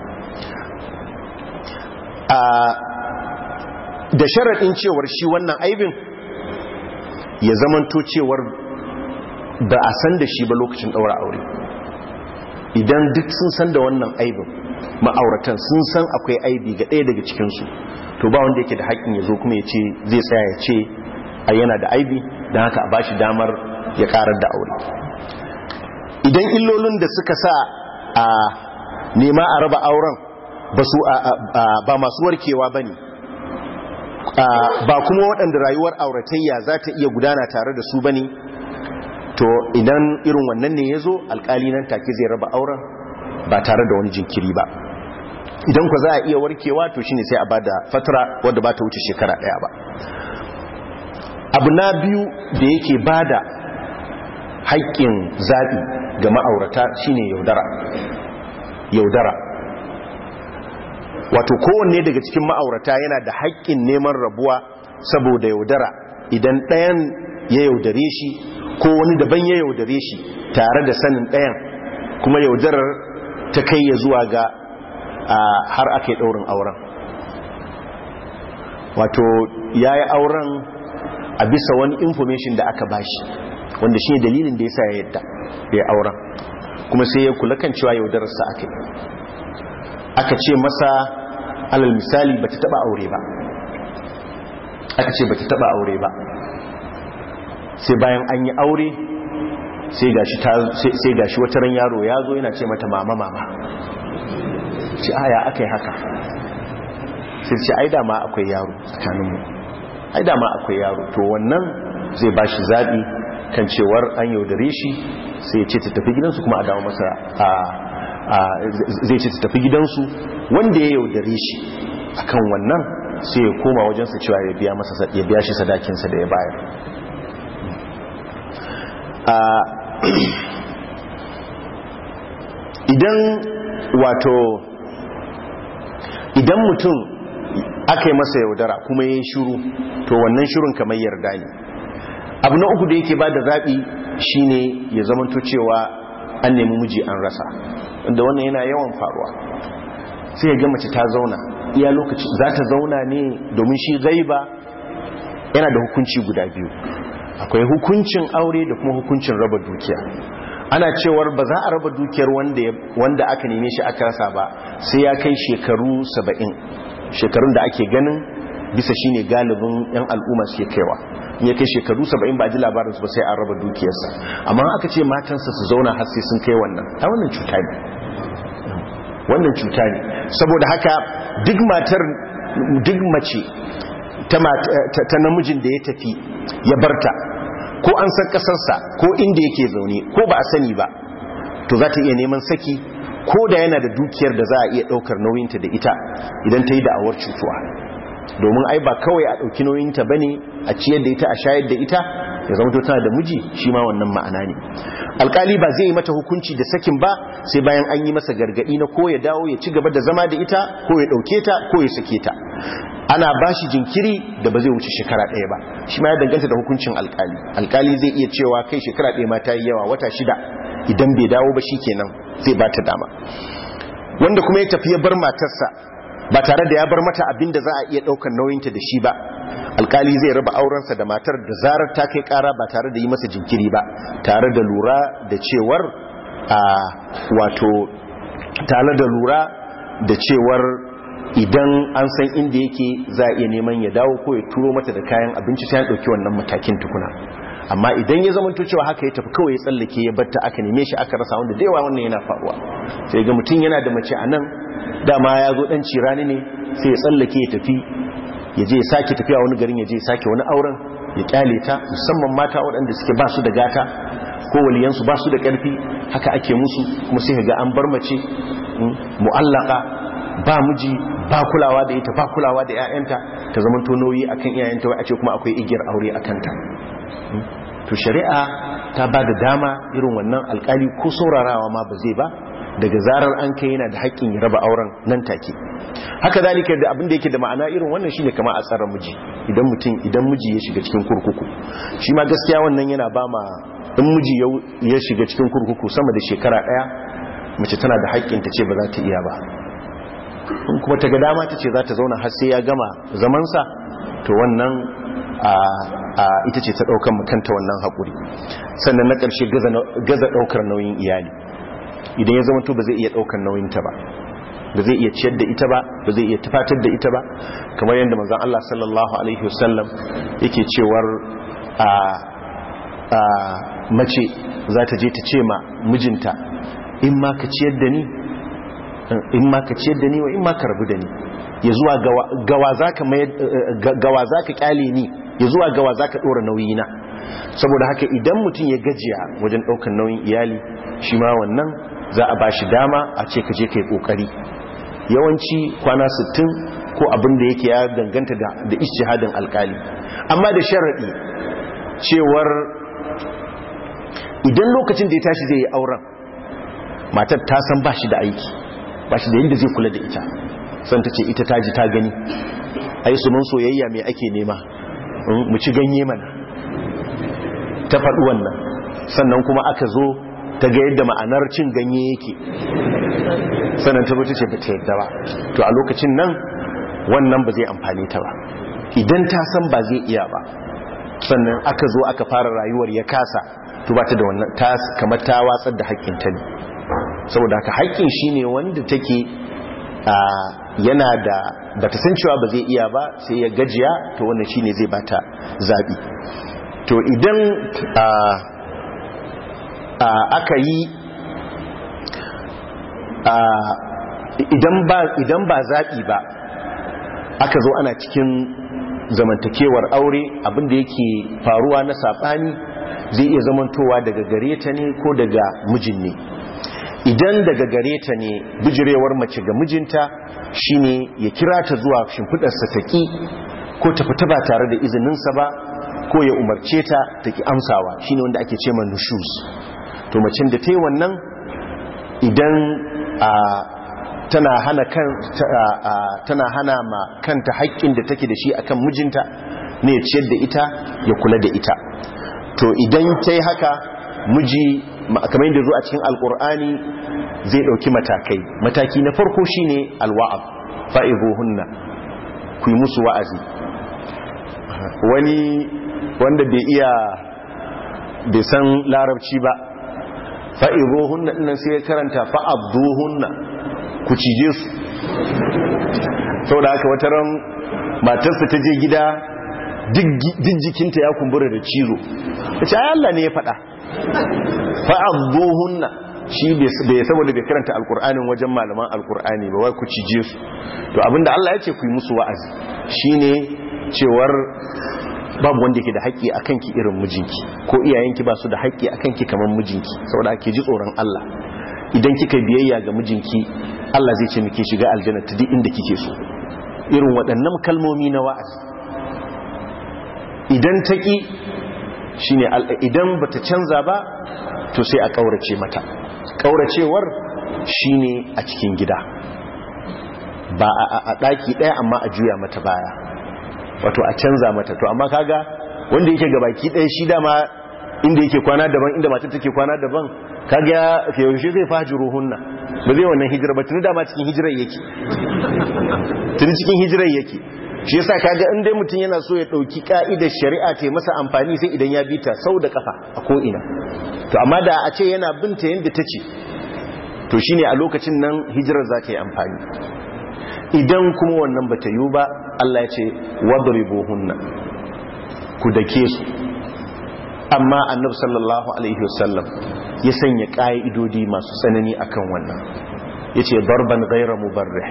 da sharaɗin cewar shi wannan aibin ya zamanto cewar ba a san da shi ba lokacin ɗaura aure idan duk sun san da wannan aibin ma'auratan sun san akwai aibi ga ɗaya daga cikinsu to ba wanda yake da haƙƙin ya zo kuma ya ce zai tsaya ya ce a yana da aibi don haka a shi damar ya ƙarar da aure idan illolin da suka sa a nema a raba auren ba masu warkewa ba ne ba kuma waɗanda rayuwar auratayya za ta iya gudana tare da su bane to idan irin wannan ne ya zo alkali nan take zai raba auren ba tare da wani jinkiri ba idan ku za a iya warkewa to shine sai a bada fatara wadda ba ta wuce shekara ɗaya ba abu na biyu da yake bada haƙƙin zaɓi ga ma'aurata shine yaudara yaudara wato kowanne daga cikin ma'aurata yana da haƙƙin neman rabuwa saboda yaudara idan ɗayan ya yaudare shi ko wani daban ya yaudare shi tare da sanin ɗayan kuma yaudarar ta kai ya zuwa ga har aka yi ɗaurin auren wato ya yi auren a bisa wani information da aka bashi wanda shi dalilin da ya sa ya yadda ya auren kuma sai ya kula kan cewa yaudararsa aka yi aka ce masa alal misali ba ta taba aure ba aka ce ba ta taba aure ba sai bayan an yi aure sai gashi wata ran yaro ya zo yana ce mata mama mama ci aya aka yi haka sai ce ai dama akwai yaro tsakaninmu ai dama akwai yaro to wannan zai ba shi zaɓi kan cewar an yaudare shi sai ce ta tafi gidansu kuma a dawo masa a zai ce su tafi gidansu wanda ya yaudare shi akan wannan sai ya koma wajensa cewa ya biya masa ya biya shi sadakinsa da ya bayar [clears throat] idan wato idan mutum aka yi masa yaudara kuma ya shuru to wannan shurun kamar yarda ne abu na uku da yake ba da zaɓi shine ya zamanto cewa an nemi miji an rasa da wannan yana yawan faruwa sai ga mace ta zauna iya lokaci za ta zauna ne domin shi gaiba yana da hukunci guda biyu akwai hukuncin aure da kuma hukuncin raba dukiya ana cewar ba za a raba dukiyar wanda aka neme shi aka rasa ba sai ya kai shekaru saba'in shekarun da ake ganin bisa shine galibin 'yan al'umma suke kaiwa ya kai shekaru saba'in ba a ji labarinsu ba sai an raba dukiyarsa amma aka ce matansa su zauna har sai sun kai wannan ta wannan cuta ne wannan cuta ne saboda haka duk matar duk mace ta namijin da ya tafi ya barta ko an san kasarsa ko inda yake zaune ko ba a sani ba to za ta iya neman saki ko da yana da dukiyar da za a iya daukar nauyinta da ita idan ta yi da'awar cutuwa domin ai ba kawai a ɗauki nauyinta bane a ciyar da ita a shayar da ita ya zama to tana da miji shi ma wannan ma'ana ne alkali ba zai yi mata hukunci da sakin ba sai bayan an yi masa gargadi na ko ya dawo ya ci gaba da zama da ita ko ya dauke ta ko ya sake ta ana ba shi jinkiri da ba zai wuce shekara ɗaya ba shi ma ya danganta da hukuncin alkali alkali zai iya cewa kai shekara ɗaya ma ta yi yawa wata shida idan bai dawo ba shi kenan zai ba ta dama wanda kuma ya tafi ya bar matarsa ba tare da ya bar mata abin da za a iya ɗaukar nauyinta da shi ba alkali zai raba aurensa da matar da zarar ta kai ƙara ba tare da yi masa jinkiri ba tare da lura da cewar a wato tare da lura da cewar idan an san inda yake za a iya neman ya dawo ko ya turo mata da kayan abinci ta ya ɗauki wannan matakin tukuna amma idan ya zama cewa haka ya tafi kawai ya tsallake ya batta aka neme shi aka rasa wanda da wannan yana faruwa sai ga mutum yana da mace a nan dama ya zo dan cirani ne sai ya tsallake ya tafi ya je ya sake tafiya wani garin ya je ya sake wani auren ya kyale ta musamman mata waɗanda suke ba su da gata ko waliyansu ba su da ƙarfi haka ake musu kuma sai ga an bar mace hmm, mu'allaka ba miji ba kulawa da ita ba kulawa da 'ya'yanta ta zama tonoyi akan ƴaƴanta wai a ce kuma akwai igiyar aure a kanta to shari'a ta ba da dama irin wannan alkali ko saurarawa ma ba zai ba daga zarar an kai yana da haƙƙin ya raba auren nan take haka zalika da abin da yake da ma'ana irin wannan shine kama a tsara miji idan mutum idan miji ya shiga cikin kurkuku shi ma gaskiya wannan yana ba ma in miji ya shiga cikin kurkuku sama da shekara ɗaya mace tana da haƙƙin ta ce ba za ta iya ba kuma ta ga dama ta ce za ta zauna har sai ya gama zamansa to wannan ita ce ta ɗaukar makanta wannan haƙuri sannan na ƙarshe gaza ɗaukar nauyin iyali idan ya zama to ba zai iya ɗaukar nauyinta ba ba zai iya ciyar da ita ba ba zai iya tafatar da ita ba kamar yadda manzan Allah sallallahu alaihi wasallam yake cewar a mace za ta je ta ce ma mijinta in ma ka ciyar da ni in ma ka ciyar da ni wa in ma ka rabu da ni ya zuwa gawa za ka kyale ni ya zuwa gawa za ka nauyi na saboda haka idan mutum ya gajiya wajen ɗaukar nauyin iyali shi ma wannan za a ba shi dama a ce ka je ka yi ƙoƙari yawanci kwana 60 ko abin da yake ya danganta da ishihadin alkali amma da sharaɗi cewar idan lokacin da ya tashi zai yi auren matar ta san ba shi da aiki ba shi da yadda zai kula da ita san ta ce ita ta ji ta gani a yi sunan soyayya mai ake nema mm, mu ci ganye mana ta faɗi wannan sannan kuma aka zo ta ga yadda ma'anar cin ganye yake sannan ta mutu ce ta yadda ba to a lokacin nan wannan ba zai amfani ta ba idan ta san ba zai iya ba sannan aka zo aka fara rayuwar ya kasa to ba ta da wannan ta kamar ta watsar da haƙƙin ta ne saboda haka haƙƙin shine wanda take yana da bata san cewa ba zai iya ba sai ya gajiya to wannan shine zai bata zabi to idan aka yi idan ba zaɓi ba aka zo ana cikin zamantakewar aure abinda yake faruwa na saɓani zai iya zamantowa daga gare ta ne ko daga mijin ne idan daga gare ta ne bijirewar mace ga mijinta shine ya kira ta zuwa shimfidarsa ta ki ko ta fita ba tare da izininsa ba ko ya umarce ta ta ki amsawa shine wanda ake ce man nushus to macen da ta yi wannan idan a tana hana kan tana hana ma kanta haƙƙin da take da shi akan mijinta ne ya ciyar da ita ya kula da ita to idan ta yi haka miji kamar yadda zo a cikin alkur'ani zai dauki matakai mataki na farko shine alwa'ab hunna, ku yi musu wa'azi wani wanda bai iya bai san larabci ba hunna dinnan sai ya karanta hunna ku cije su da haka wataran matarsa ta je gida duk ya kumbura da cizo ta ce Allah ne ya faɗa fa'adduhunna shi bai saboda bai karanta alkur'anin wajen malaman alkur'ani ba wai ku cije su to abinda Allah ya ce ku yi musu wa'azi shi ne cewar babu wanda ke da haƙƙi a kanki irin mijinki ko iyayenki ba su da haƙƙi a kanki kamar mijinki saboda ake ji tsoron Allah idan kika biyayya ga mijinki Allah zai ce muke shiga aljanna ta duk inda kike so irin waɗannan kalmomi na wa'azi idan ta shine idan bata canza ba to sai a kaurace mata kauracewar shine a cikin gida ba a daki daya amma a juya mata baya wato a canza mata to amma kaga wanda yake gabaki daya shi dama inda yake kwana daban inda matar take kwana daban kaga yaushe zai fajiru hunna ba zai wannan hijira ba tuni dama cikin hijirar yake cikin hijirar yake shi yasa kaga in dai mutum yana so ya dauki ka'idar shari'a ta masa amfani sai idan ya bita sau da kafa a ko ina to amma da a ce yana binta yanda ta ce to shine a lokacin nan hijirar za ta yi amfani idan kuma wannan bata yi ba Allah ya ce wadribuhunna ku dake su amma annabi sallallahu alaihi wasallam ya sanya ka'idodi masu tsanani akan wannan yace darban ghayra mubarrih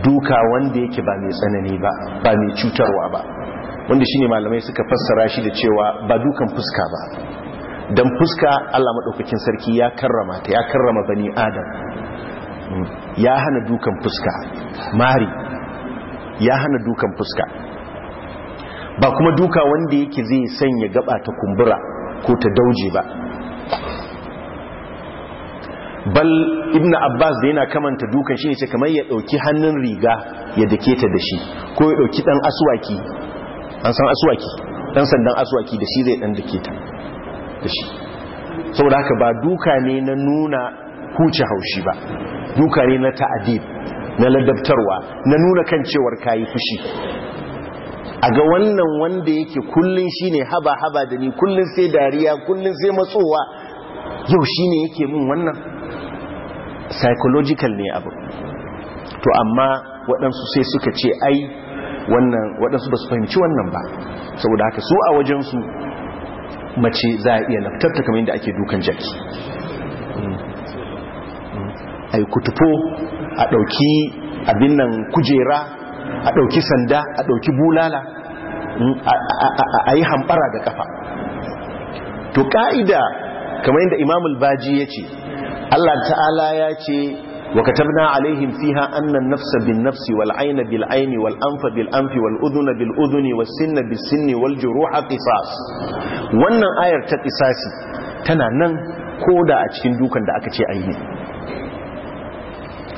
duka wanda yake ba mai tsanani ba ba mai cutarwa ba wanda shine malamai suka fassara shi da cewa ba dukan fuska ba dan fuska Allah madaukakin sarki ya karrama ta ya karrama bani adam mm, ya hana dukan fuska mari ya hana dukan fuska ba kuma duka wanda yake zai sanya gaba ta kumbura ko ta dauje ba bal ibn abbas da yana kamanta dukan shi ne kamar ya dauki hannun riga ya dake ta da shi ko ya dauki dan aswaki an san aswaki dan sandan aswaki da shi zai dan dake ta da shi saboda haka ba duka ne na nuna huce haushi ba duka ne na ta'adib na ladabtarwa na nuna kan cewar kai fushi a ga wannan wanda yake kullun shine haba haba da ni kullun sai dariya kullun sai matsowa yau shine yake min wannan psychological ne abu to amma waɗansu sai suka ce ai wannan waɗansu ba su fahimci wannan ba saboda haka su a wajensu mace za a iya naftarta kamar yadda ake dukan jaki a kutufo a ɗauki abin nan kujera a ɗauki sanda a ɗauki bulala mm, a yi hambara da ƙafa to ƙa'ida kamar yadda imamul baji ya ce Allah ta'ala ya ce wa katabna alaihim fiha anna an-nafsa bin-nafsi wal-'ayna bil-'ayni wal-anfa bil-anfi wal-udhuna bil-udhuni was-sinna bis-sinni wal-juruha qisas wannan ayar ta qisasi tana nan koda a cikin dukan da aka ce ayi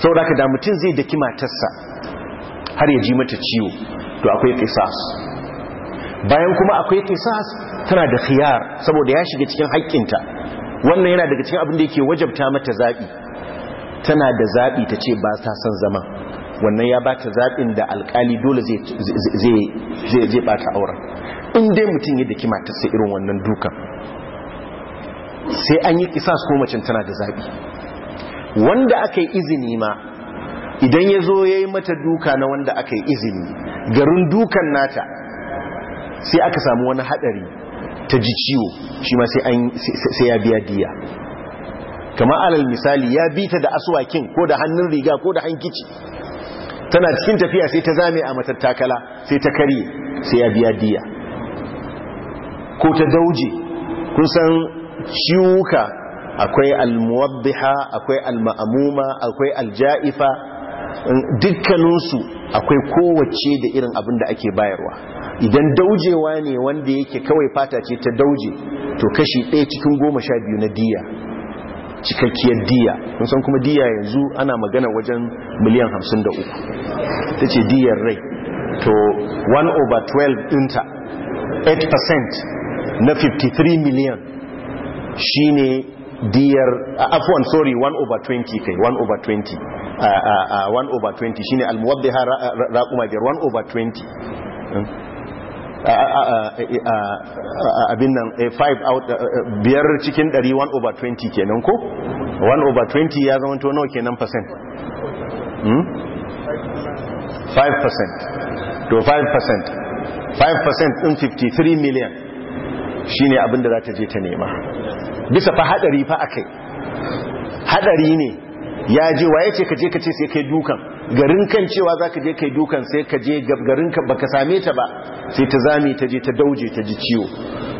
saboda ka da mutun zai daki matarsa har ya ji mata ciwo to akwai qisas bayan kuma akwai qisas tana da khiyar saboda ya shiga cikin haƙƙinta wannan yana daga cikin abin da yake wajabta mata zaɓi tana da zaɓi ta ce ba ta son zama wannan ya ba ta zaɓin da alƙali dole zai ɓata auren in dai mutum yadda kima ta sai irin wannan dukan sai an yi kisas ko macin tana da zaɓi wanda aka yi izini ma idan ya zo ya yi mata duka na wanda aka yi izini garin dukan nata sai aka samu wani haɗari ta ji ciwo shi ma sai ya biya diya kama alal misali ya bi ta da aswakin ko da hannun riga ko da hankici tana cikin tafiya sai ta zame a matattakala sai ta karye sai ya biya diya ko ta dauje kun san ciwuka akwai almuwabbiha akwai alma'amuma akwai alja'ifa dukkaninsu akwai kowace da irin abin da ake bayarwa idan daujewa ne wanda yake kawai fata ce ta dauje to kashi ɗaya cikin goma sha biyu na diya cikakkiyar diya kun san kuma diya yanzu ana magana wajen miliyan hamsin da uku ta ce diyar rai to 1 over 12 ɗinta 8% na 53 miliyan shine diyar afuwan sorry 1 over 20 kai 1 over 20 1 over 20 shine ha raquma biyar 1 over 20 hmm? abin nan 5 biyar cikin 100 1 over 20 kenan ko 1 over 20 ya zama to kenan percent 5 hmm? percent to 5 percent 5 percent din 53 million shine abin da za ta je ta nema bisa fa hadari fa akai hadari ne ya je waye ce ka je ka ce sai kai dukan garin kan cewa za ka je kai dukan sai ka je garin ka same ta ba sai ta zame ta je ta dauje ta ji ciwo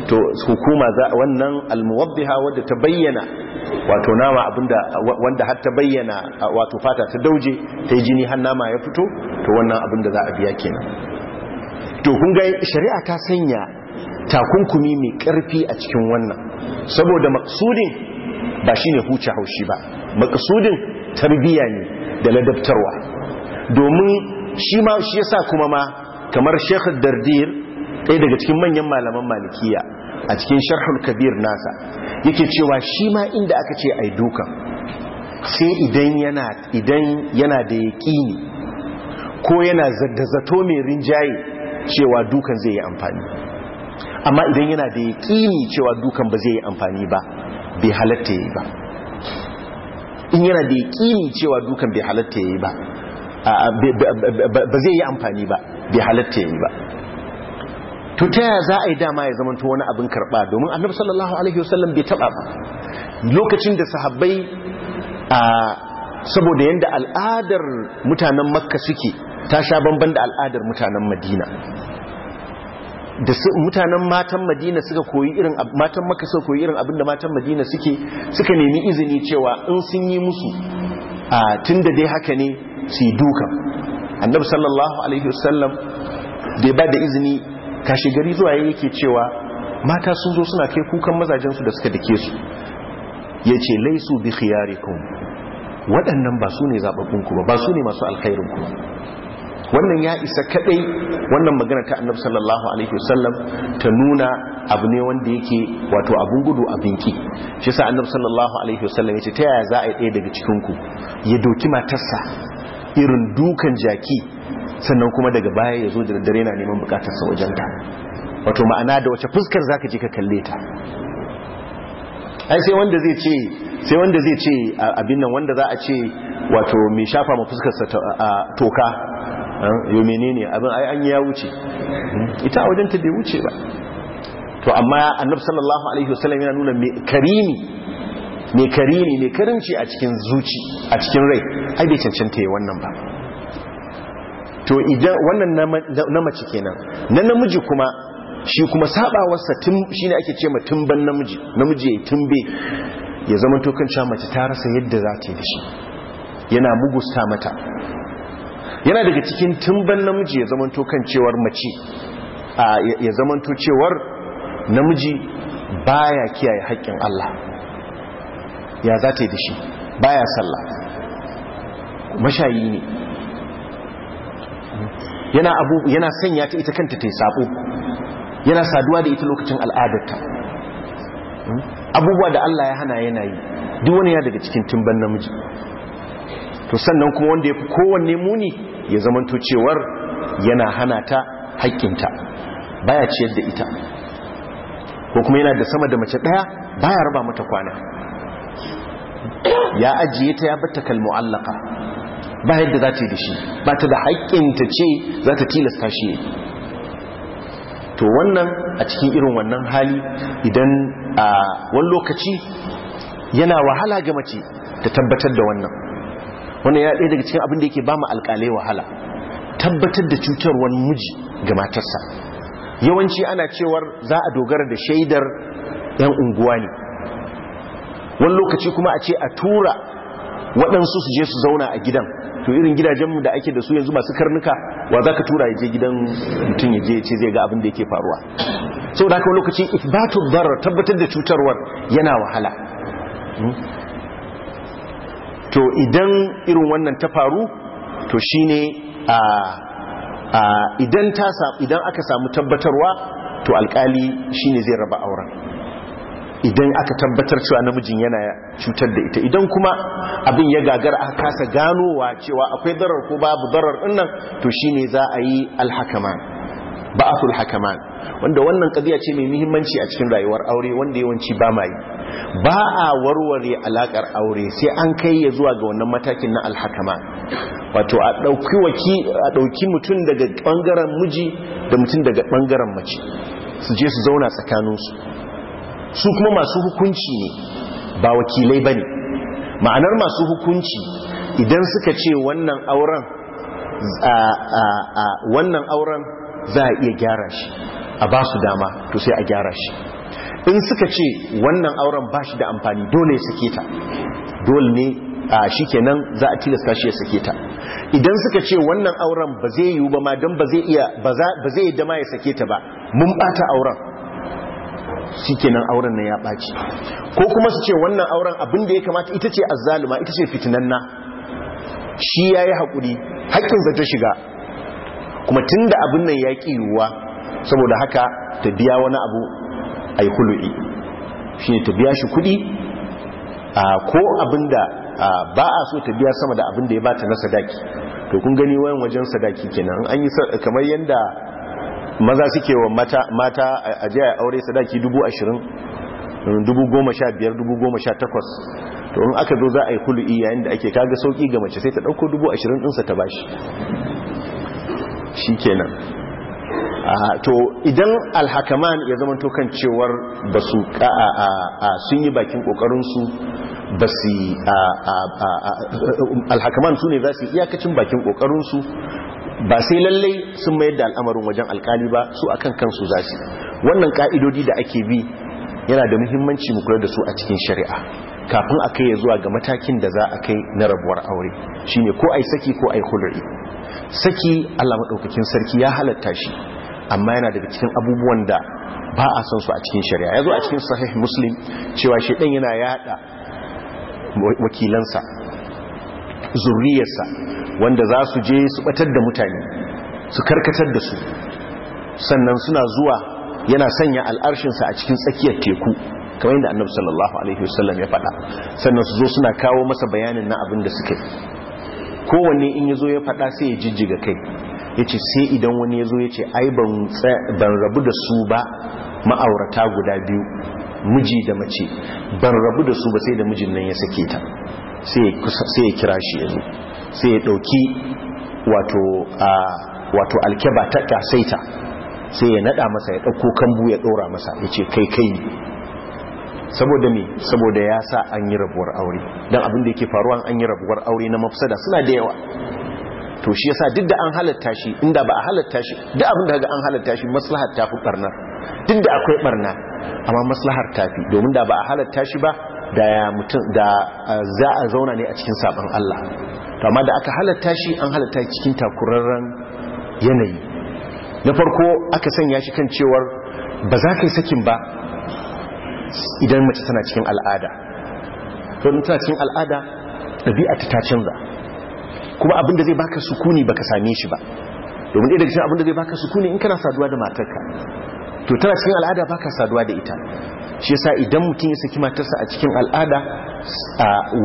to hukuma za wannan almuwaddiha wadda ta bayyana wato nama abinda wanda har ta bayyana wato fata ta dauje ta yi jini har nama ya fito to wannan abinda za a biya kenan to kun ga shari'a ta sanya takunkumi mai karfi a cikin wannan saboda maksudin ba shine huce haushi ba maksudin tarbiya ne da ladabtarwa domin shi ma shi yasa kuma ma kamar Sheikh Dardir ɗaya daga cikin manyan malaman malikiya a cikin Sharhul Kabir nasa yake cewa shi ma inda aka ce ai dukan sai idan yana idan yana da yaqini ko yana zato mai rinjaye cewa dukan zai yi amfani amma idan yana da yaqini cewa dukan ba zai yi amfani ba bai halatta yi ba in yana da yaƙini cewa dukan bai halatta yayi ba ba zai yi amfani ba bai halatta yayi ba to ta ya za a yi dama ya zama wani abin karba domin annabi sallallahu alaihi wasallam bai taba ba lokacin da sahabbai a saboda yanda al'adar mutanen makka suke ta sha bamban da al'adar mutanen madina da mutanen matan madina suka koyi irin matan maka suka koyi irin abinda matan madina suke suka nemi izini cewa in sun yi musu a tunda dai haka ne su duka. annabi sallallahu alaihi wasallam da ba da izini kashi gari zuwa yake cewa mata sun zo suna kai kukan mazajen su da suka dake su yace laisu bi khiyarikum waɗannan ba su ne zababbun ku ba ba su ne masu alkhairin ku wannan ya isa kadai wannan magana ta annabi sallallahu alaihi wasallam ta nuna abu ne wanda yake wato abun gudu a binki shi yasa annabi sallallahu alaihi wasallam yace ta yaya za a yi ɗaya daga cikin ku ya doki matarsa irin dukan jaki sannan kuma daga baya ya zo da dare na neman bukatarsa wajenta wato ma'ana da wace fuskar zaka je ka kalle ta ai sai wanda zai ce sai wanda zai ce abin nan wanda za a ce wato mai shafa ma sa toka yau menene abin ai an ya wuce ita a wajenta bai wuce ba to amma annabi sallallahu alaihi wasallam yana nuna karimi mai karimi mai karimci a cikin zuci a cikin rai ai bai cancanta ya wannan ba to idan wannan na mace kenan na namiji kuma shi kuma sabawarsa shi ne ake ce ma tumban namiji namiji ya tumbe ya zama tokanci mace ta rasa yadda za ta yi da shi yana mugusta mata yana daga cikin tumban namiji ya zamanto kan cewar mace A ya zamanto cewar namiji baya kiyaye haƙƙin Allah ya za ta yi da shi baya sallah mashayi ne yana abu yana sanya ta ita kanta ta yi sabo yana saduwa da ita lokacin al'adarta hmm? abubuwa da Allah ya hana yana yi duk wani ya daga cikin tumban namiji to sannan kuma wanda ya fi kowanne muni ya zamanto cewar yana hana ta haƙƙinta baya ciyar da ita ko kuma yana da sama da mace ɗaya baya raba mata kwana ya ajiye ta ya batta kalmu allaka ba yadda za ta yi da shi ba ta da haƙƙinta ce za ta tilasta shi to wannan a cikin irin wannan hali idan a wani lokaci yana wahala ga mace ta tabbatar da wannan Wani ya ɗaya daga cikin abin da yake ba mu alƙalai wahala tabbatar da cutar wani miji ga matarsa yawanci ana cewar za a dogara da shaidar 'yan unguwa ne wani lokaci kuma a ce a tura waɗansu su je su zauna a gidan to irin gidajenmu da ake da su yanzu masu karnuka wa za ka tura ya je gidan mutum ya je ce zai ga abin da yake faruwa sau da haka lokaci ifbatu barar tabbatar da cutarwar yana wahala hmm? to idan irin wannan ta faru to shine a idan aka samu tabbatarwa to alkali shine zai raba auren idan aka tabbatar cewa namijin yana cutar da ita idan kuma abin ya gagara aka kasa ganowa cewa akwai darar ko babu darar dinnan to shine za a yi alhakama ba'athul hakaman wanda wannan kadiya ce mai muhimmanci a cikin rayuwar aure wanda yawanci ba ma yi ba a warware alakar aure sai an kai ya zuwa ga wannan matakin na alhakama wato a dauki waki a dauki mutum daga bangaren miji da mutum daga bangaren mace su je su zauna tsakaninsu su kuma masu hukunci ne ba wakilai bane ma'anar masu hukunci idan suka ce wannan auren wannan auren za a iya gyara shi a ba su dama to sai a gyara shi in suka ce wannan auren ba shi da amfani dole ya sake ta dole ne a shi kenan za a tilasta shi ya sake ta idan suka ce wannan auren ba zai yiwu ba ma don ba zai iya ba zai dama ya sake ta ba mun bata auren shi kenan auren na ya ɓaci ko kuma su ce wannan auren abin da ya kamata ita ce azzaluma ita ce fitinanna shi ya yi haƙuri za ta shiga kuma tun da abin nan ya ƙi yiwuwa saboda haka ta biya wani abu a yi hulu'i shi ne ta biya shi kuɗi ko abin da ba a so ta biya sama da abin da ya bata na sadaki to kun gani wayan wajen sadaki kenan an yi kamar yadda maza suke wa mata mata a jiya aure sadaki dubu ashirin dubu goma sha biyar dubu goma sha takwas to in aka zo za a yi hulu'i yayin da ake kaga sauki ga mace sai ta ɗauko dubu ashirin ɗinsa ta bashi Shi shikenan to idan alhakaman ya zama to kan cewar ba su sun yi bakin kokarinsu ba su alhakaman su ne za su iyakacin bakin kokarinsu ba sai lallai sun mayar da al'amarin wajen alkali ba su akan kansu za su wannan ka'idodi da ake bi yana da muhimmanci mu kula da su a cikin shari'a kafin a kai ya zuwa ga matakin da za a kai na rabuwar aure shine ko ai saki ko ai hulri saki Allah maɗaukakin sarki ya halatta shi amma yana daga cikin abubuwan da ba a san su a cikin shari'a ya zo a cikin sahih muslim cewa shi ɗan yana yaɗa wakilansa zurriyarsa wanda za su je su batar da mutane su karkatar da su sannan suna zuwa yana sanya al'arshinsa a cikin tsakiyar teku kamar yadda annabi sallallahu alaihi wasallam ya faɗa sannan su zo suna kawo masa bayanin na abin da suke kowanne in ya zo ya faɗa sai ya jijjiga kai yace sai idan wani yazo yace ya ce ai ban rabu da su ba ma'aurata guda biyu miji da mace ban rabu da su ba sai da mijin nan ya sake ta sai ya kira shi yazo sai ya ɗauki wato alkeba ta kasaita sai ya nada masa ya ɗauko kambu ya ɗora masa yace kai kai ne saboda me saboda ya sa an yi rabuwar aure don abin da yake faruwa an yi rabuwar aure na mafsada suna da yawa to shi yasa duk da an halatta shi inda ba a halatta shi duk abin da kaga an halatta shi maslahar ta fi barna duk da akwai barna amma maslahar ta fi domin da ba a halatta shi ba da ya mutum da za a zauna ne a cikin sabon Allah to amma da aka halatta shi an halatta cikin takurarren yanayi na farko aka sanya shi kan cewar ba za ka yi sakin ba idan mace tana cikin al'ada don tana cikin al'ada ɗabi'ata ta canza kuma abinda zai baka sukuni baka same shi ba domin ɗaya daga cikin abinda zai baka sukuni in kana saduwa da matarka to tana cikin al'ada baka saduwa da ita shi yasa idan mutum ya saki matarsa a cikin al'ada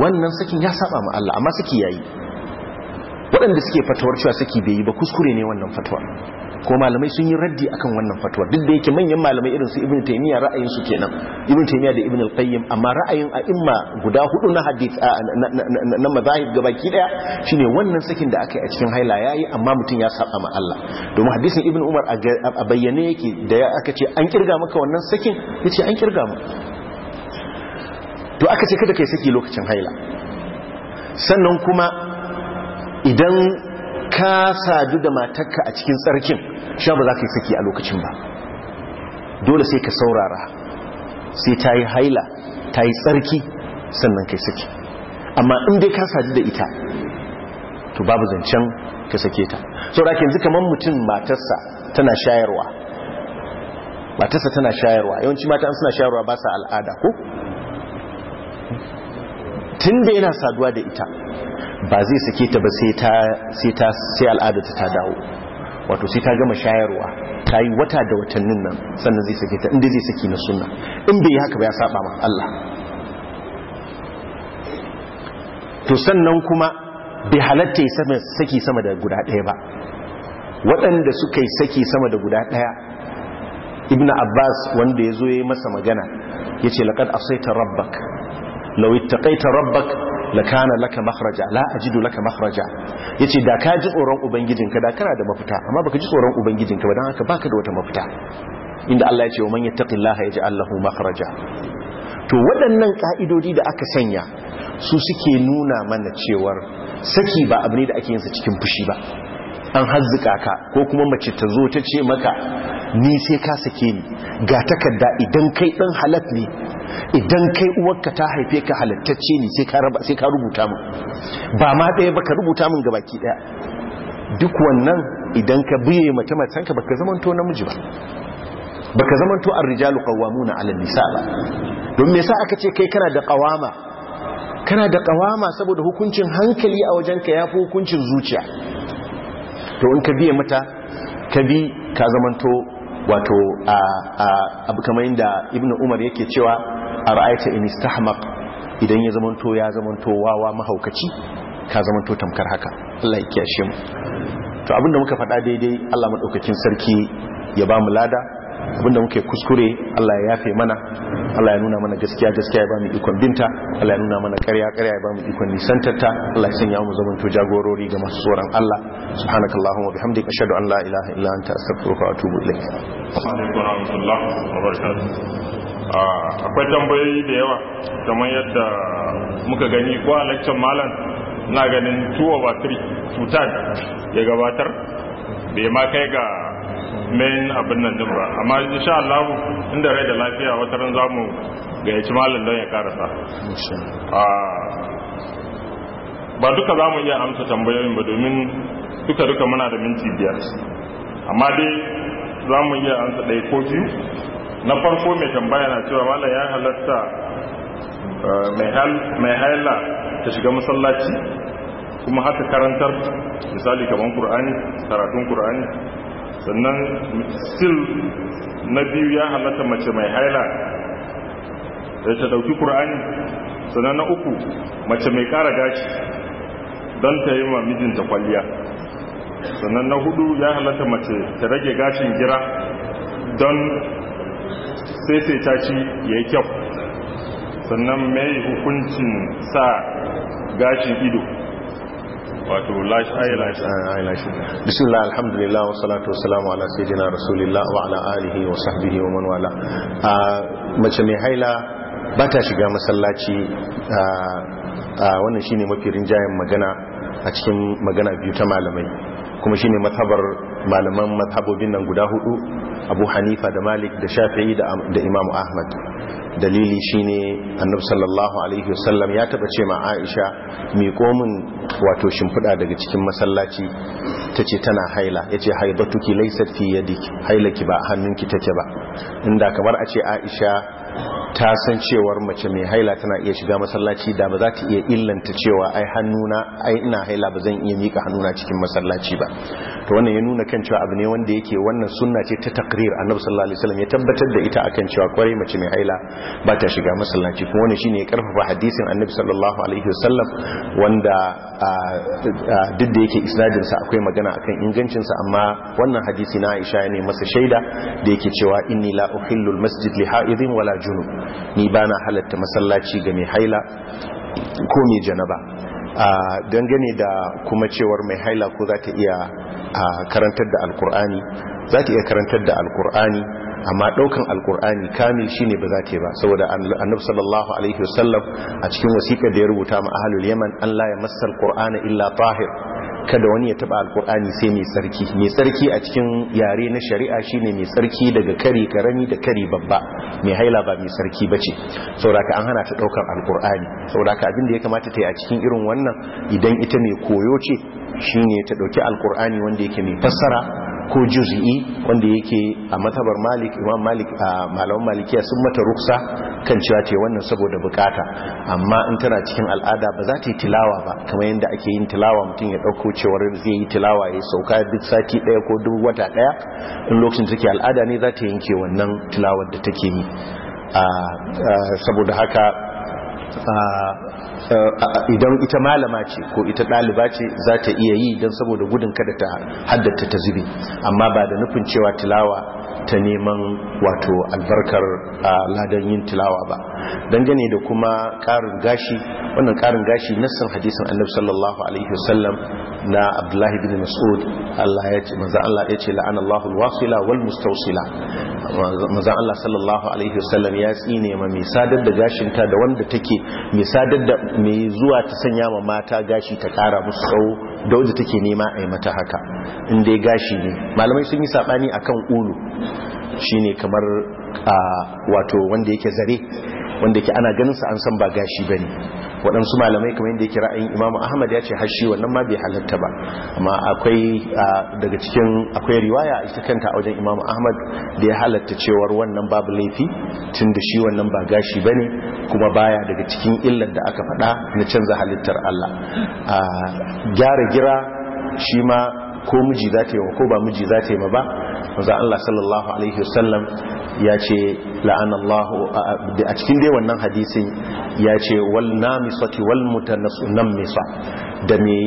wannan sakin ya saba ma Allah amma saki yayi waɗanda suke fatawar cewa saki bai yi ba kuskure ne wannan fatawa ko malamai sun yi raddi akan wannan fatuwar duk da yake manyan malamai irin su ibnu taymiya ra'ayin su kenan ibnu taymiya da ibnu al-qayyim amma ra'ayin a imma guda hudu na hadith na mazahib gabaki daya shine wannan sakin da aka yi a cikin haila yayi amma mutum ya saba ma Allah domin hadisin ibnu umar a bayyane yake da aka ce an kirga maka wannan sakin yace an kirga mu to aka ce kada kai saki lokacin haila sannan kuma idan ka sadu da matarka a cikin tsarkin sha ba za ka yi saki a lokacin ba dole sai ka saurara sai ta yi haila ta yi tsarki sannan ka yi saki amma in dai ka sadu da ita to babu zancen ka sake ta saura zika kamar mutum matarsa tana shayarwa matarsa tana shayarwa yawanci mata suna shayarwa ba sa al'ada ko tun da yana saduwa da ita ba zai sake ta ba sai al'adar ta dawo wato sai ta gama shayarwa ta yi wata da watannin nan sannan zai sake ta inda zai sake na suna in bai yi haka ba ya saba ma Allah to sannan kuma bai halatta ya saki sama da guda ɗaya ba waɗanda suka yi saki sama da guda ɗaya ibn abbas wanda ya zo ya yi masa magana ya ce laƙad asaita rabbak law ittaqaita rabbak lakana laka makhraja la ajidu laka makhraja yace da ka ji tsoron ubangijinka da kana da mafita amma baka ji tsoron ubangijinka ba dan haka baka da wata mafita inda Allah ya ce wa man yattaqillaha yaj'al lahu makhraja to waɗannan ka'idodi da aka sanya su suke nuna mana cewar saki ba abu ne da ake yin sa cikin fushi ba an hazzika ka ko kuma mace ta zo ta ce maka ni sai ka sake ni ga takarda idan kai dan halat ne idan kai uwarka ta haife ka halattacce ne sai ka raba sai ka rubuta min ba ma ɗaya ba ka rubuta min gabaki ɗaya duk wannan idan ka biye mace macen ka baka zamanto namiji ba baka zamanto ar-rijalu qawwamuna 'ala an-nisa ba don me yasa aka ce kai kana da qawama kana da qawama saboda hukuncin hankali a wajenka yafi hukuncin zuciya to in ka biya mata ka bi ka zamanto wato abu kamar inda ibn umar yake cewa a ra'aita in istahmaq idan ya zamanto ya zamanto wawa mahaukaci ka zamanto tamkar haka Allah ya kiyashe mu to abinda muka faɗa daidai Allah madaukakin sarki ya ba mu lada abinda muke kuskure Allah ya yafe mana Allah ya nuna mana gaskiya gaskiya ya ba mu ikon binta Allah ya nuna mana ƙarya ƙarya ya ba mu ikon nisantarta Allah ya sanya mu to jagorori ga masu tsoron Allah subhanakallahumma wa bihamdika ashhadu an la ilaha illa anta astaghfiruka wa atubu ilaik ah, akwai tambayoyi da yawa kamar yadda muka gani ko a lakcin malam na ganin tuwo ba 3 tutar ya gabatar bai ma kai ga main abin nan din ba amma insha Allah inda rai da lafiya wata ran zamu gayyaci malam don ya karasa ah, ba duka zamu iya amsa tambayoyin ba domin duka duka muna da minti biyar amma dai zamu iya amsa ɗaya ko biyu na farko mai tambaya na cewa malam ya halatta eh, mai haila ta shiga masallaci kuma haka karantar misali kamar Kur'ani karatun Kur'ani sannan still na biyu ya halatta mace mai haila da ta dauki ƙur'ani sannan na uku mace mai ƙara gashi don ta yi wa mijinta kwalliya sannan na hudu ya halatta mace ta rage gashin gira don sai ta ci ya yi kyau sannan mai hukuncin sa gashin ido wato lash eyelash eyelash bismillah alhamdulillah wa salatu wa salamu ala sayyidina rasulillah wa ala alihi wa sahbihi wa man wala ah, mace mai haila ba ta shiga masallaci ah, ah, wannan shine mafi rinjayen magana a cikin magana biyu ta malamai kuma shine mazhabar malaman mazhabobin nan guda hudu Abu Hanifa da Malik da Shafi'i da Imam Ahmad dalili shine annabi sallallahu alaihi wasallam ya taba ce ma Aisha mi komin wato shimfida daga cikin masallaci tace tana haila yace haibatuki laysat fi yadiki hailaki ba hannunki take ba inda kamar a ce Aisha ta san cewar mace mai haila tana iya shiga masallaci da ba za ta iya illanta cewa ai hannuna ai ina haila ba zan iya mika hannuna cikin masallaci ba to wannan ya nuna kan cewa abu ne wanda yake wannan sunna ce ta takrir annabi sallallahu alaihi wasallam ya tabbatar da ita akan cewa kwarai mace mai haila ba ta shiga masallaci kuma wannan shine ya karfafa hadisin annabi sallallahu alaihi wasallam wanda duk da yake isnadin sa akwai magana akan ingancin sa amma wannan hadisi na Aisha ne masa shaida da yake cewa inni la uhillu masjid li ha'idin wala junub ni na halatta masallaci ga mai haila ko mai janaba dangane da kuma cewar mai haila ko za ta iya karantar da alkur'ani za ta iya karantar da alkur'ani amma daukan alkur'ani kamil shine ba za ta yi ba saboda annabi sallallahu alaihi wasallam a cikin wasiƙar da ya rubuta ma ahlul yaman an la yamassal qur'ana illa tahir kada wani ya taba alkur'ani sai mai sarki mai sarki a cikin yare na shari'a shine mai sarki daga kari karami da kari babba mai haila ba mai tsarki bace sauraka an hana ta daukar alkur'ani sauraka abin da ya kamata ta yi a cikin irin wannan idan ita mai koyo ce shine ta dauki alkur'ani wanda yake mai fassara ko juz'i wanda yake a matabar malik imam malik a malaman malikiya sun mata ruksa kan cewa ce wannan saboda bukata amma in tana cikin al'ada ba za ta yi tilawa ba kamar yadda ake yin tilawa mutum ya dauko cewar zai yi tilawa ya sauka duk sati daya ko duk wata daya in lokacin take al'ada ne za ta yanke wannan tilawar da take yi saboda haka Eh, idan ita malama ce ko ita ɗaliba ce za ta iya yi don saboda gudun kada ta haddata ta zube amma ba da nufin cewa tilawa ta neman wato albarkar ladan yin tilawa ba dangane da kuma ƙarin gashi wannan ƙarin gashi nassan hadisin annabi sallallahu alaihi wasallam na abdullahi bin mas'ud Allah ya ce manzo Allah ya ce la'ana Allahu alwasila wal mustawsila manzon Allah sallallahu alaihi wasallam ya tsine ma mai sadar da gashinta da wanda take mai sadar da mai zuwa ta sanya ma mata gashi ta kara musu tsawo da wanda take nema a yi mata haka in dai gashi ne malamai sun yi sabani akan ulu shine kamar wato wanda yake zare wanda ke ana ganin sa an san ba gashi bane waɗansu malamai kamar yadda yake ra'ayin Imam Ahmad ya ce hashi wannan ma bai halatta ba amma akwai daga cikin akwai riwaya ita kanta a wajen imamu Ahmad da ya halatta cewar wannan babu laifi tunda shi wannan ba gashi bane kuma baya daga cikin illar da aka faɗa na canza halittar Allah gyara gira shi ma ko miji za ta yi wa ko ba miji za ta yi ma ba manzo Allah sallallahu alaihi wasallam ya ce la'anallahu a cikin dai wannan hadisin ya ce wal namisati wal mutanammisa da me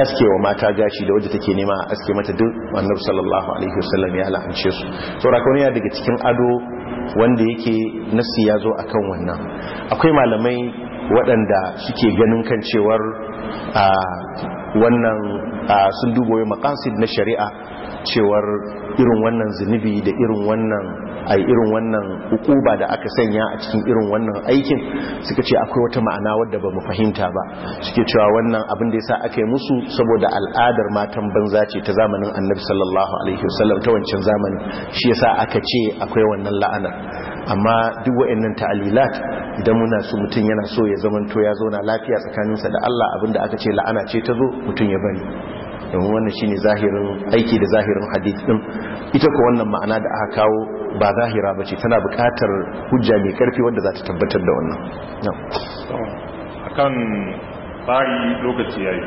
aske wa mata gashi da wadda take nema a aske mata duk annabi sallallahu alaihi wasallam ya la'ance su saboda kawai daga cikin ado wanda yake nasi ya zo akan wannan akwai malamai waɗanda suke ganin kan cewar wannan sun dubo makasid na shari'a cewar irin wannan zunubi da irin wannan a irin wannan hukuba da aka sanya a cikin irin wannan aikin suka ce akwai wata ma'ana wadda ba mu fahimta ba suke cewa wannan abin da yasa aka yi musu saboda al'adar matan banza ce ta zamanin annabi sallallahu alaihi wasallam ta wancan zamani shi yasa aka ce akwai wannan la'anar amma duk wa'annan ta'alilat idan muna su mutum yana so ya zamanto ya zauna lafiya tsakaninsa da Allah abin da aka ce la'ana ce ta zo mutum ya bari domin wannan shine zahirin aiki da zahirin hadith din ita ko wannan ma'ana da aka kawo ba zahira bace tana buƙatar hujja mai karfi wanda za ta tabbatar da wannan akan bayi lokaci yayi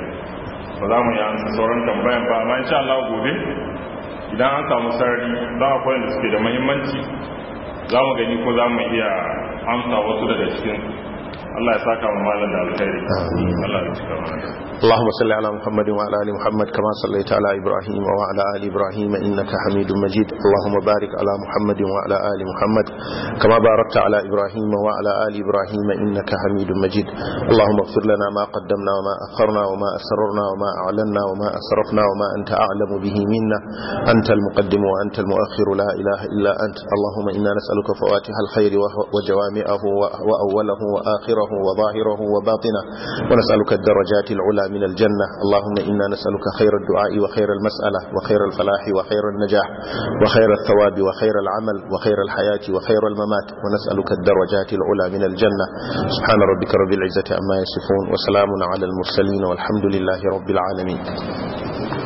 ba za mu yi an sauran tambayan ba amma insha Allah gobe idan an samu sarari za a koyar da suke da muhimmanci za mu gani ko za mu iya amsa wasu daga cikin Allah ya saka mu malam da alkhairi Allah ya cika mana اللهم صل على محمد وعلى ال محمد كما صليت على ابراهيم وعلى ال ابراهيم انك حميد مجيد اللهم بارك على محمد وعلى ال محمد كما باركت على ابراهيم وعلى ال ابراهيم انك حميد مجيد اللهم اغفر لنا ما قدمنا وما اخرنا وما اسررنا وما اعلنا وما اسرفنا وما انت اعلم به منا انت المقدم وانت المؤخر لا اله الا انت اللهم انا نسالك فواتح الخير وجوامعه واوله واخره ظاهره وظاهره وباطنه ونسألك الدرجات العلى من الجنة اللهم إنا نسألك خير الدعاء وخير المسألة وخير الفلاح وخير النجاح وخير الثواب وخير العمل وخير الحياة وخير الممات ونسألك الدرجات العلى من الجنة سبحان ربك رب العزة أما يصفون وسلام على المرسلين والحمد لله رب العالمين